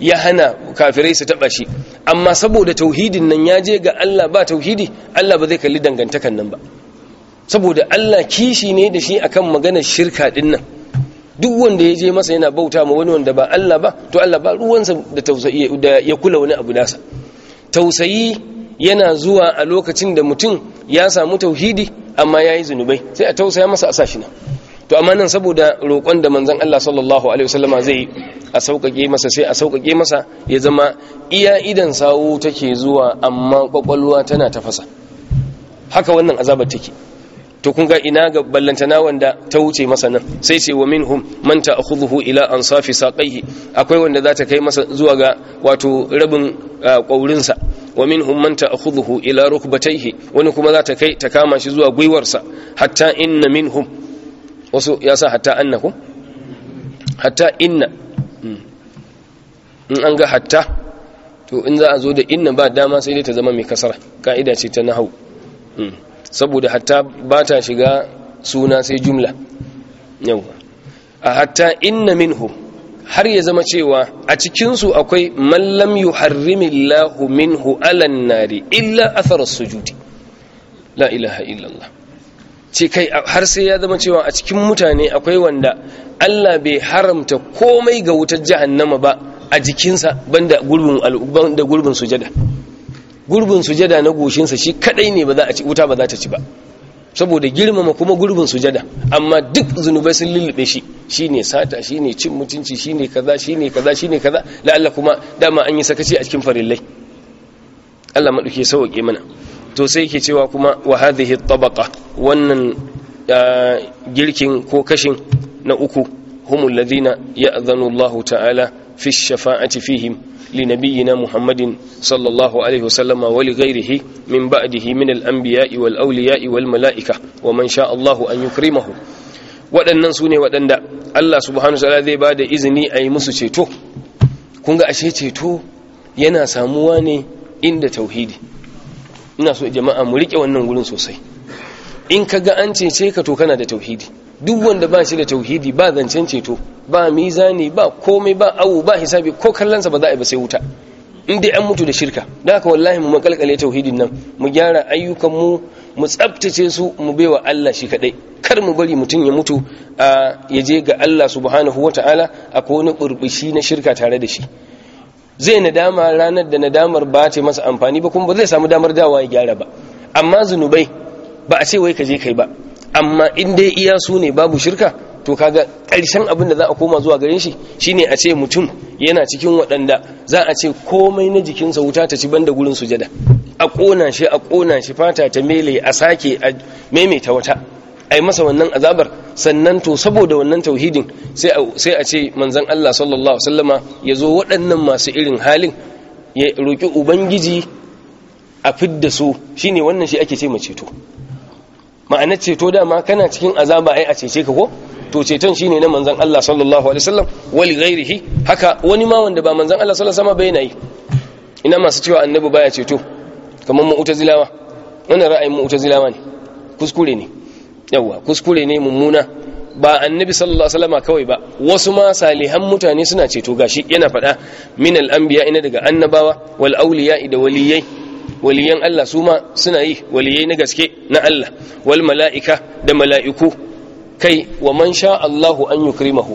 ya hana kafirai su taɓa shi amma saboda tauhidin nan ya je ga Allah ba tauhidi Allah ba zai kalli dangantakan nan ba saboda Allah kishi ne da shi akan maganar shirka din nan duk wanda ya je masa yana bauta ma wani wanda ba Allah ba to Allah ba ruwansa da tausayi da ya kula wani abu nasa tausayi yana zuwa a lokacin da mutum ya samu tauhidi amma ya yi zunubai sai a tausaya masa a sashi nan. to amma nan saboda roƙon da manzon Allah sallallahu alaihi wasallama zai a sauƙaƙe masa sai a sauƙaƙe masa ya zama iya idan sawu take zuwa amma ƙwaƙwalwa tana tafasa haka wannan azabar take to kun ga ina ga ballantana wanda ta wuce masa nan sai ce wa minhum man ta'khudhu ila ansafi saqayhi akwai wanda za ta kai masa zuwa ga wato rabin sa wa minhum man ta'khudhu ila rukbatayhi wani kuma za ta kai ta kama shi zuwa gwiwarsa hatta inna minhum wasu ya sa hatta annahu hatta inna hmm. in an ga hatta to in za a zo da inna ba dama sai dai ta zama mai kasara ka'ida ce ta nahau hmm. saboda hatta ba ta shiga suna sai jumla yauwa a hatta inna minhu har ya zama cewa a cikinsu akwai mallam yi harrimillahu minhu alan nari illa atharar sujudi la ilaha illallah ce kai har sai ya zama cewa a cikin mutane akwai wanda Allah bai haramta komai ga wutar jahannama ba a jikinsa da gurbin sujada gurbin sujada na goshinsa shi kadai ne ba za a ci wuta ba za ta ci ba saboda girmama kuma gurbin sujada amma duk zunubai sun lullube shi shine sata shine cin mutunci shine kaza shine kaza shine kaza la'alla kuma dama an yi sakaci a cikin farillai Allah maduke sauke mana to sai yake cewa kuma wa hadhihi tabaqa wannan girkin ko kashin na uku humul ladina ya'zanu ta'ala fi shafa'ati fihim لنبينا محمد صلى الله عليه وسلم ولغيره من بعده من الأنبياء والأولياء والملائكة ومن شاء الله أن يكرمه waɗannan su ne waɗanda Allah subhanahu wa zai ba da izini a yi musu ceto kun ga ashe ceto yana samuwa ne inda tauhidi ina so jama'a mu riƙe wannan wurin sosai in ka ga an cece ka to kana da tauhidi duk wanda ba shi da tauhidi ba zancen ceto ba mizani ba komai ba awu ba hisabi ko kallonsa ba za a yi ba sai wuta in dai an mutu da shirka da haka wallahi mu makalkale tauhidin nan mu gyara ayyukan mu mu tsabtace su mu baiwa Allah shi kadai kar mu bari mutum ya mutu a ya je ga Allah subhanahu ta'ala, akwai wani burbushi na shirka tare da shi zai nadama ranar da nadamar ba ce masa amfani ba kuma ba zai samu damar dawa ya gyara ba amma zunubai ba a ce wai ka je kai ba amma in dai iya su ne babu shirka to kaga ƙarshen abin da za a koma zuwa garin shi shine a ce mutum yana cikin waɗanda za a ce komai na jikinsa wuta ta ci banda gurin sujada a ƙona shi a ƙona shi fata ta mele a sake a maimaita wata a yi masa wannan azabar sannan to saboda wannan tauhidin sai a ce manzan Allah sallallahu ya zo waɗannan masu irin halin ya roƙi ubangiji a fidda su shine wannan shi ake ce to. ma'ana ceto dama kana cikin azaba ai a cece ka ko to ceton shine na manzon Allah sallallahu alaihi wasallam wali ghairihi haka wani ma wanda ba manzon Allah sallallahu alaihi wasallam bai yi ina masu cewa annabi baya ceto kamar utazilawa wannan ra'ayin utazilawa ne kuskure ne yawa kuskure ne mummuna ba annabi sallallahu alaihi wasallam kawai ba wasu ma salihan mutane suna ceto gashi yana faɗa min al-anbiya ina daga annabawa wal awliya da waliyai waliyan Allah su ma suna yi waliyai na gaske na Allah wal mala'ika da mala'iku kai wa man sha Allahu an yukrimahu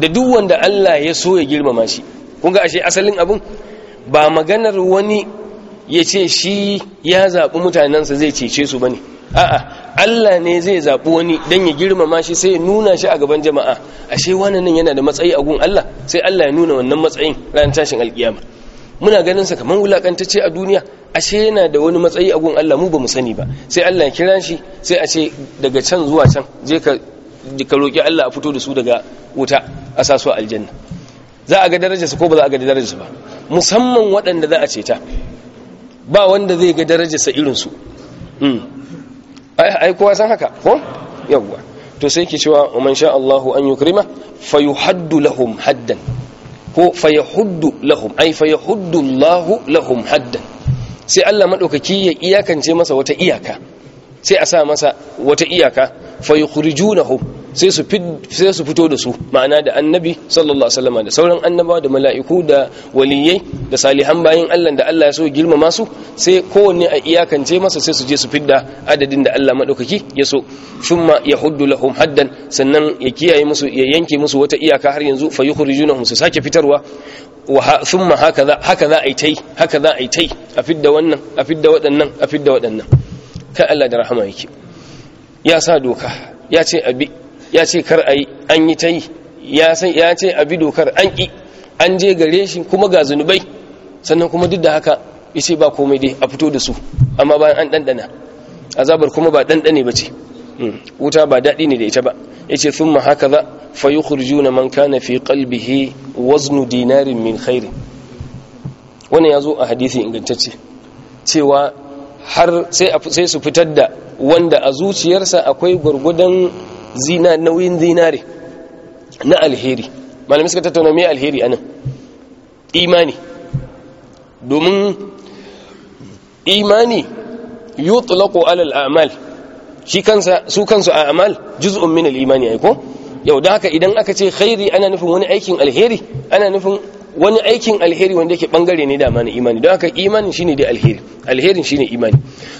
da duk wanda Allah ya so ya girmama shi kun ga ashe asalin abun ba maganar wani ya ce shi ya zaɓi mutanensa zai cece su ne? a'a Allah ne zai zaɓi wani don ya girmama shi sai ya nuna shi a gaban jama'a ashe wannan nan yana da matsayi a gun Allah sai Allah ya nuna wannan matsayin ranar tashin alkiyama muna ganin sa kaman wulakantacce a duniya ashe yana da wani matsayi a gun Allah mu ba mu sani ba sai Allah ya kira shi sai a ce daga can zuwa can je ka ka roki Allah a fito da su daga wuta a sa su aljanna za a ga darajarsa ko ba za a ga darajarsa ba musamman waɗanda za a ce ta ba wanda zai ga darajarsa irin su hmm. ai kowa san haka ko yawwa to sai ke cewa man sha Allahu an yukrima fayuhaddu lahum haddan ko fayahuddu lahum ai fayahuddu Allahu lahum haddan sai Allah madaukaki ya iyakance masa wata iyaka sai a sa masa wata iyaka fayukhrijunahum sai su fito da su ma'ana da annabi sallallahu alaihi wasallam da sauran annabawa da mala'iku da waliyai da salihan bayin Allah da Allah ya so girmama su sai kowanne a iyakance masa sai su je su fidda adadin da Allah madaukaki ya so thumma yahuddu lahum haddan sannan ya kiyaye musu ya yanke musu wata iyaka har yanzu fa yukhrijunahum su sake fitarwa thumma hakaza hakaza aitai hakaza aitai a fidda wannan a fidda waɗannan a fidda waɗannan kai Allah da rahama yake ya sa doka ya ce abi ya ce kar a yi an yi ta yi ya ce a bi dokar an ƙi an je gare shi kuma ga zunubai sannan kuma duk da haka ya ce ba komai dai a fito da su amma bayan an ɗanɗana azabar kuma ba ɗanɗane ba ce hmm. wuta ba daɗi ne da ita ba ya ce sun ma haka za fa yi kurju na man na fi kalbihi waznu dinarin min khairi wannan ya zo a hadisi ingantacce cewa har sai su fitar da wanda a zuciyarsa akwai gwargwadon zina nauyin zinare na alheri malamai suka tattauna mai alheri anan imani domin imani yutlaqu alal a'mal shi su kansu a a'mal juz'un min al-imani ai ko yau da haka idan aka ce khairi ana nufin wani aikin alheri ana nufin wani aikin alheri wanda yake bangare ne da mana imani don haka imanin shine dai alheri alherin shine imani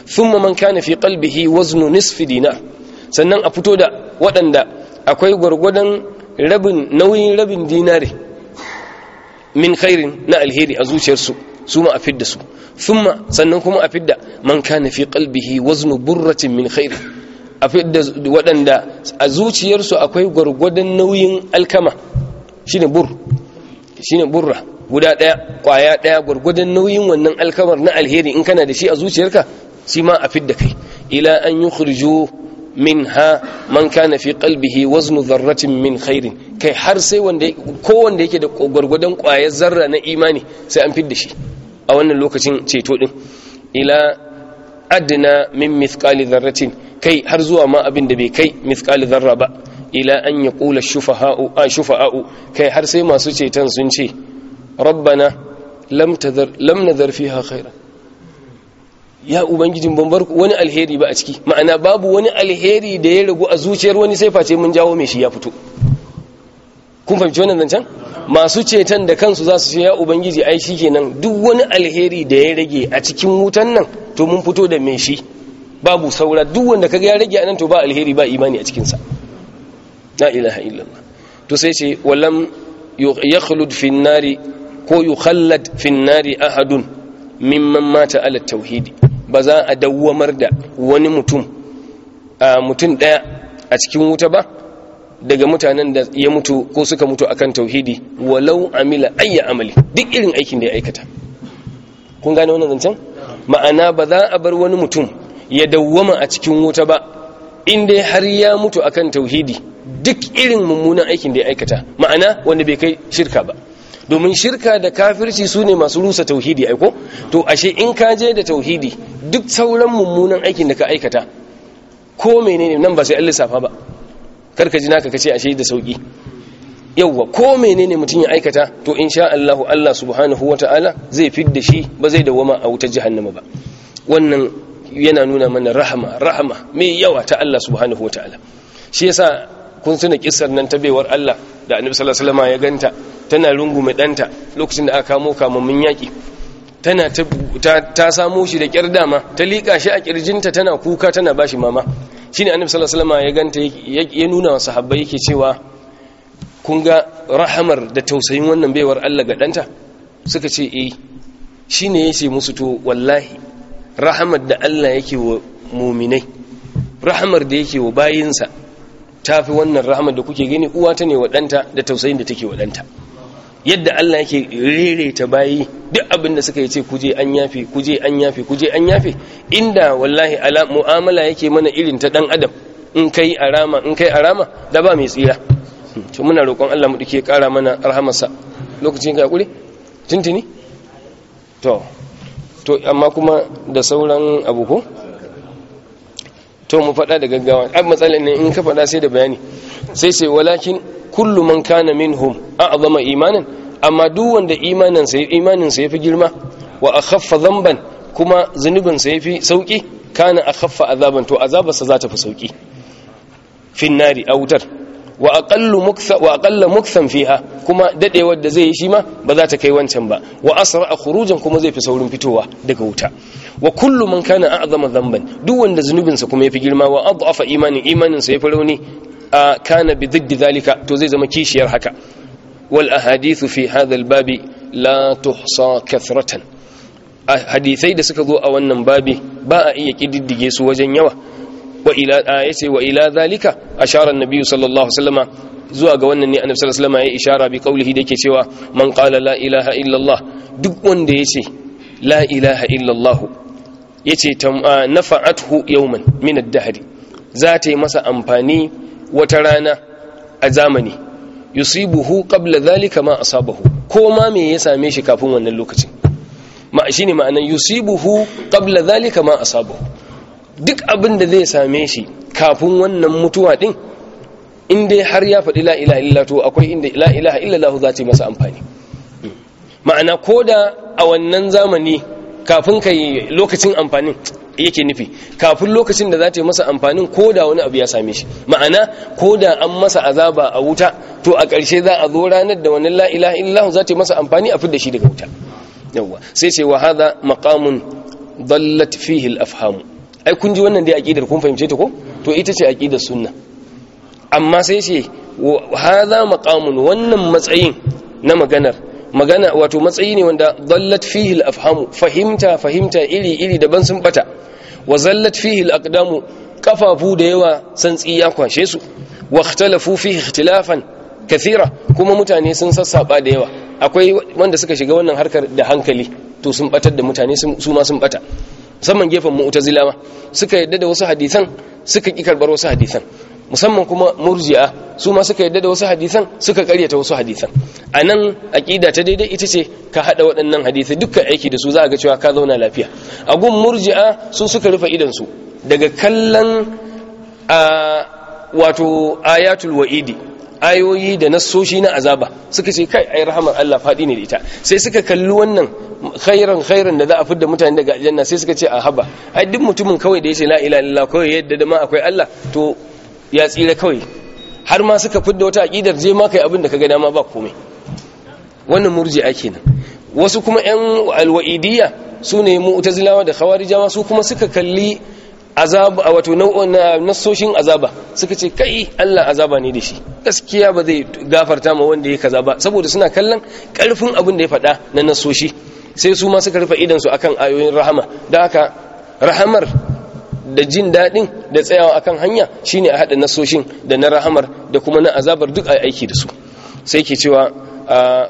thumma man kana fi qalbihi waznu nisfi dinar sannan a fito da waɗanda akwai gwargwadon rabin nauyin rabin dinari min khairin na alheri a zuciyarsu su ma a fidda su thumma sannan kuma a fidda man kana fi qalbihi waznu burratin min khair a fidda waɗanda a zuciyarsu akwai gwargwadon nauyin alkama shine bur shine burra guda ɗaya ƙwaya ɗaya gwargwadon nauyin wannan alkamar na alheri in kana da shi a zuciyarka shi ma a fidda kai ila an yi minha man na fi qalbihi waznu dharratin min khairin kai har sai wanda ko wanda yake da gwargwadon kwayar zarra na imani sai an fidda shi a wannan lokacin ceto din ila adna min mithqali dharratin kai har zuwa ma abin da bai kai mithqali dharra ba ila an yaqula shufaha'u a shufa'u kai har sai masu ceton sun ce rabbana lam tadhar lam nadhar fiha ya ubangijin ban bar wani alheri ba a ciki ma'ana babu wani alheri da ya ragu a zuciyar wani sai face mun jawo mai shi ya fito kun fahimci wannan zancen masu ceton da kansu za su ce ya ubangiji ai shi kenan duk wani alheri da ya rage a cikin wutan nan to mun fito da mai shi babu saura duk wanda kaga ya rage a nan to ba alheri ba imani a cikin sa la ilaha illallah to sai ce walam yakhlud fi nari ko yukhallad fi nari ahadun mimman mata ala tauhidi ba za a dawwamar da wani mutum a mutum ɗaya a cikin wuta ba daga mutanen da ya mutu ko suka mutu akan tauhidi walau amila ayya amali duk irin aikin da ya aikata kun gane wannan zancen ma'ana ba za a bar wani mutum ya dawwama a cikin wuta ba inda har ya mutu akan tauhidi duk irin mummunan aikin da ya aikata ma'ana wanda bai kai shirka ba domin shirka da kafirci su ne masu rusa tauhidi aiko to ashe in ka je da tauhidi duk sauran mummunan aikin da ka aikata ko menene nan ba sai an lissafa ba karka ji naka kace ashe da sauki yawwa ko menene mutum ya aikata to insha Allah Allah subhanahu wataala zai fidda shi ba zai dawama a wutar jahannama ba wannan yana nuna mana rahama rahama mai yawa ta Allah subhanahu wataala shi yasa kun suna kisar nan ta baiwar Allah da annabi sallallahu alaihi wasallam ya ganta tana rungume danta lokacin da aka kamo kamammin yaki tana ta, ta samo shi da kyar dama ta lika shi a kirjinta tana kuka tana bashi mama shine annabi sallallahu alaihi ya ganta ya nuna wa sahabbai yake cewa kun ga rahamar da tausayin wannan baiwar Allah ga danta suka ce eh shine yace musu to wallahi rahamar da Allah yake wa muminai rahamar da yake wa bayinsa ta fi wannan rahama da kuke gani uwa ta ne waɗanta da tausayin da take waɗanta yadda Allah yake rere ta bayi duk abin da suka yi ce kuje an yafe kuje an yafe kuje an yafe inda wallahi ala mu'amala yake mana irin ta dan adam in kai arama in kai arama da ba mai tsira to muna roƙon Allah mu dake ƙara mana rahamarsa. lokacin ka hakuri tuntuni to to amma kuma da sauran abu ko to mu faɗa da gaggawa ai matsalar ne in ka faɗa sai da bayani sai sai walakin kullu man kana minhum a'zama imanan amma duk wanda imanin sa imanin yafi girma wa akhaffa dhanban kuma zunubin sa yafi sauki kana akhaffa azaban to azabarsa za ta fi sauki fin nari wutar. wa aqallu muksa wa muksan fiha kuma daɗewar da zai yi shi ma ba za ta kai wancan ba wa asra khurujan kuma zai fi saurin fitowa daga wuta wa kullu man kana a'zama dhanban duk wanda zunubin sa kuma yafi girma wa adhafa imanin imanin sa yafi rauni kana bi diddi zalika to zai zama kishiyar haka wal ahadithu fi hadha al babi la tuhsa kathratan hadisai da suka zo a wannan babi ba a iya kididdige su wajen yawa wa ila yace wa ila zalika ashara annabi sallallahu alaihi zuwa ga wannan ne annabi sallallahu alaihi wasallama ya ishara bi qaulihi da yake cewa man qala la ilaha illallah duk wanda ya ce la ilaha illallah yace nafa'athu yawman min ad-dahr za ta yi masa amfani wata rana a zamani yusibuhu qabla zalika ma asabahu ko ma me ya same shi kafin wannan lokacin ma shine ma'anan yusibuhu qabla zalika ma asabahu duk abin da zai same shi kafin wannan mutuwa din in dai har ya faɗi la illa to akwai inda la ilaha illallah za ta masa amfani ma'ana ko da a wannan zamani kafin ka yi lokacin amfanin yake nufi kafin lokacin da za ta yi masa amfanin ko da wani abu ya same shi ma'ana ko da an masa azaba a wuta to a ƙarshe za a zo ranar da wani la'ila illahu za ta yi masa amfani a fi da shi daga wuta yawwa sai ce wa haza maƙamun dallat fihil afhamu ai kun ji wannan dai aqidar kun fahimce ta ko to ita ce aqidar sunna amma sai ce hadha maqamun wannan matsayin na maganar magana wato matsayi ne wanda dallat fihi al-afhamu fahimta fahimta iri iri daban sun bata wa zallat fihi al-aqdamu kafafu da yawa santsi ya kwashe su wa ikhtalafu fihi ikhtilafan kathira kuma mutane sun sassaba da yawa akwai wanda suka shiga wannan harkar da hankali to sun batar da mutane su ma sun bata musamman gefen mu'tazila ma suka yadda da wasu hadisan suka ki karbar wasu hadisan musamman kuma murji'a su ma suka yadda da wasu hadisan suka karyata wasu hadisan a nan aƙida ta daidai ita ce ka haɗa waɗannan hadisai dukkan aiki da su za a ga cewa ka zauna lafiya a gun murji'a su suka rufe su daga kallan a wato ayatul wa'idi ayoyi da nassoshi na azaba suka ce kai ai rahamar Allah fadi ne da ita sai suka kalli wannan khairan khairan da za a fidda mutane daga aljanna sai suka ce a haba ai duk mutumin kawai da yace la ilaha illallah kawai yadda da ma akwai Allah to ya tsira kawai har ma suka fidda wata aqidar je ma kai abin da kaga dama ba komai wannan murji'a nan. wasu kuma yan alwa'idiyya sune mu'tazilawa da khawarijawa su kuma suka kalli azaba a wato nasoshin azaba suka ce kai Allah azaba ne da shi gaskiya ba zai gafarta ma wanda ya kaza ba saboda suna kallon karfin abin da ya faɗa na nasoshi sai su ma suka rufe idan su akan ayoyin rahama da haka rahamar da jin daɗin da tsayawa akan hanya shine a haɗa nasoshin da na rahamar da kuma na azabar duk a aiki da su sai ke cewa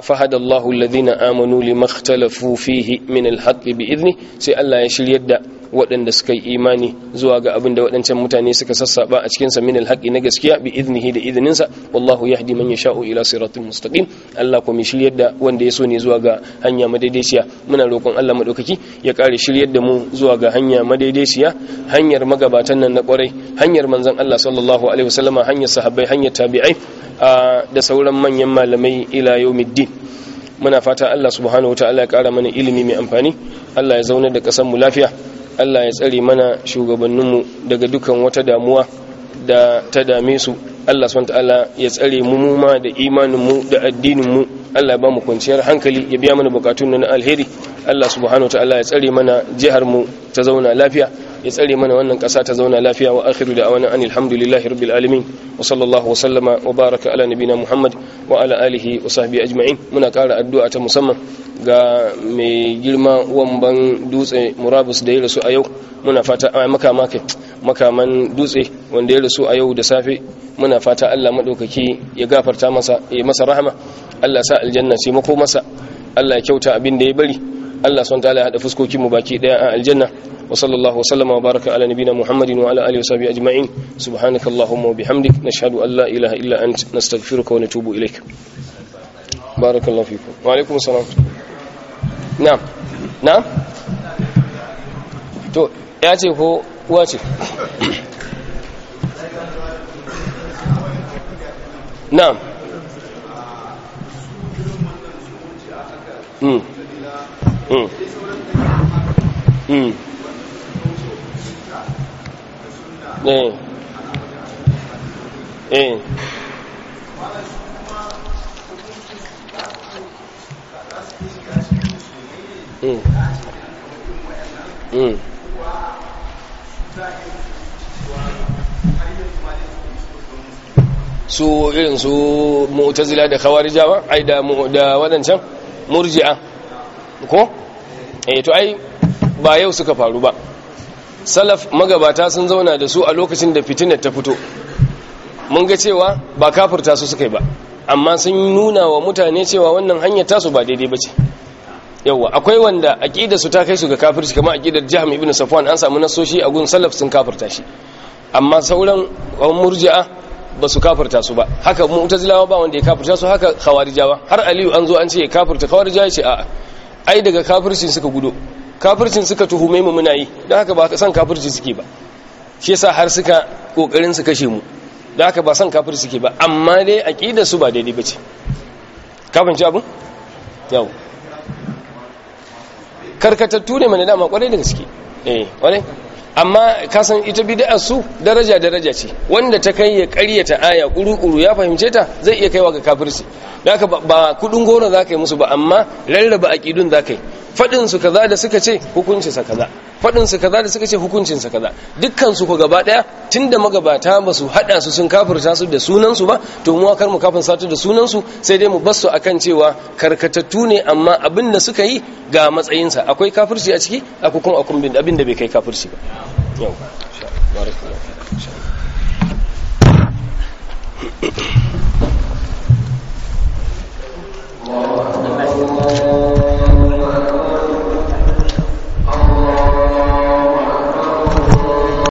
fahada Allahu alladhina amanu limakhtalafu fihi min bi bi'izni sai Allah ya shiryar da waɗanda suka yi imani zuwa ga abin da waɗancan mutane suka sassaba a cikin sa min alhaqqi na gaskiya bi'iznihi da izininsa wallahu yahdi man u ila siratin mustaqim Allah kuma shiryar da wanda ya so ne zuwa ga hanya madaidaiciya muna rokon Allah madaukaki ya kare shiryar da mu zuwa ga hanya madaidaiciya hanyar magabatan nan na ƙwarai hanyar manzan Allah sallallahu alaihi wasallama hanyar sahabbai hanyar tabi'ai da sauran manyan malamai ila yawmiddin muna fata Allah subhanahu wataala ya kara mana ilimi mai amfani Allah ya zauna da kasan mu lafiya Allah ya tsare mana shugabanninmu daga dukan wata damuwa da ta dame su Allah subhanahu wataala ya tsare mu mu da imaninmu da addinin mu Allah ya ba mu kwanciyar hankali ya biya mana bukatun na alheri Allah subhanahu ta'ala ya tsare mana jihar mu ta zauna lafiya ya tsare mana wannan kasa ta zauna lafiya wa akhiru da awana anil hamdulillahi rabbil alamin wa sallallahu wa sallama wa baraka ala nabina muhammad wa ala alihi wa sahbihi ajma'in muna kara addu'a ta musamman ga mai girma wamban dutse murabus da ya rasu a yau muna fata a makamakai makaman dutse wanda ya rasu a yau da safe muna fata Allah maɗaukaki ya gafarta masa ya masa rahama Allah sa aljanna sai mako masa Allah ya kyauta abin da ya bari Allah son ta hada fuskokin mu baki daya a aljanna wa sallallahu wasallama wa baraka ala nabina muhammadin wa ala alihi wa sahbihi ajma'in subhanakallahumma wa bihamdik nashhadu an la ilaha illa ant nastaghfiruka wa natubu ilaik barakallahu fikum wa alaikum assalam na'am na'am to ya ce ko uwa ce na'am mm su irin su mutazila da khawarijawa ai da wadancan murji'a ko eh to ai ba yau suka faru ba salaf magabata sun zauna da su a lokacin da fitinar ta fito mun ga cewa ba kafirta su suka yi ba amma sun nuna wa mutane cewa wannan hanyar tasu ba daidai ba ce yawwa akwai wanda su ta kai su ga kafirci kamar aqidar Jahm ibn Safwan an samu nasoshi a gun salaf sun kafirta shi amma sauran murji'a ba su kafirta su ba haka mu'tazilawa ba wanda ya kafirta su haka khawarijawa har Aliyu an zo an ce ya kafirta khawarijawa ce a'a ai daga kafircin suka gudo kafircin suka tuhume mu muna yi don haka ba san kafirci suke ba shi yasa har suka kokarin su kashe mu don haka ba san kafirci suke ba amma dai aqidar su ba daidai bace kafin ci abu yau karkatattu ne mana dama kwarai da gaske eh kwarai amma kasan ita bid'ar su daraja daraja ce wanda ta kai ya ƙaryata aya kuru-kuru ya fahimce ta zai iya kaiwa ga kafirci haka ba kudin goro za ka yi musu ba amma rarraba za ka yi fadin su kaza da suka ce hukuncin sa kaza fadin su kaza da suka ce hukuncin sa kaza dukkan su ko gaba ɗaya tunda magabata ba su hada su sun kafirta su da sunan su ba to mu kar mu kafin satu da sunan su sai dai mu basu akan cewa karkatattu ne amma abin da suka yi ga matsayinsa akwai kafirci a ciki akwai kuma akwai abin da bai kai kafirci ba droog. Zo, waar ik droog. Zo. Wow.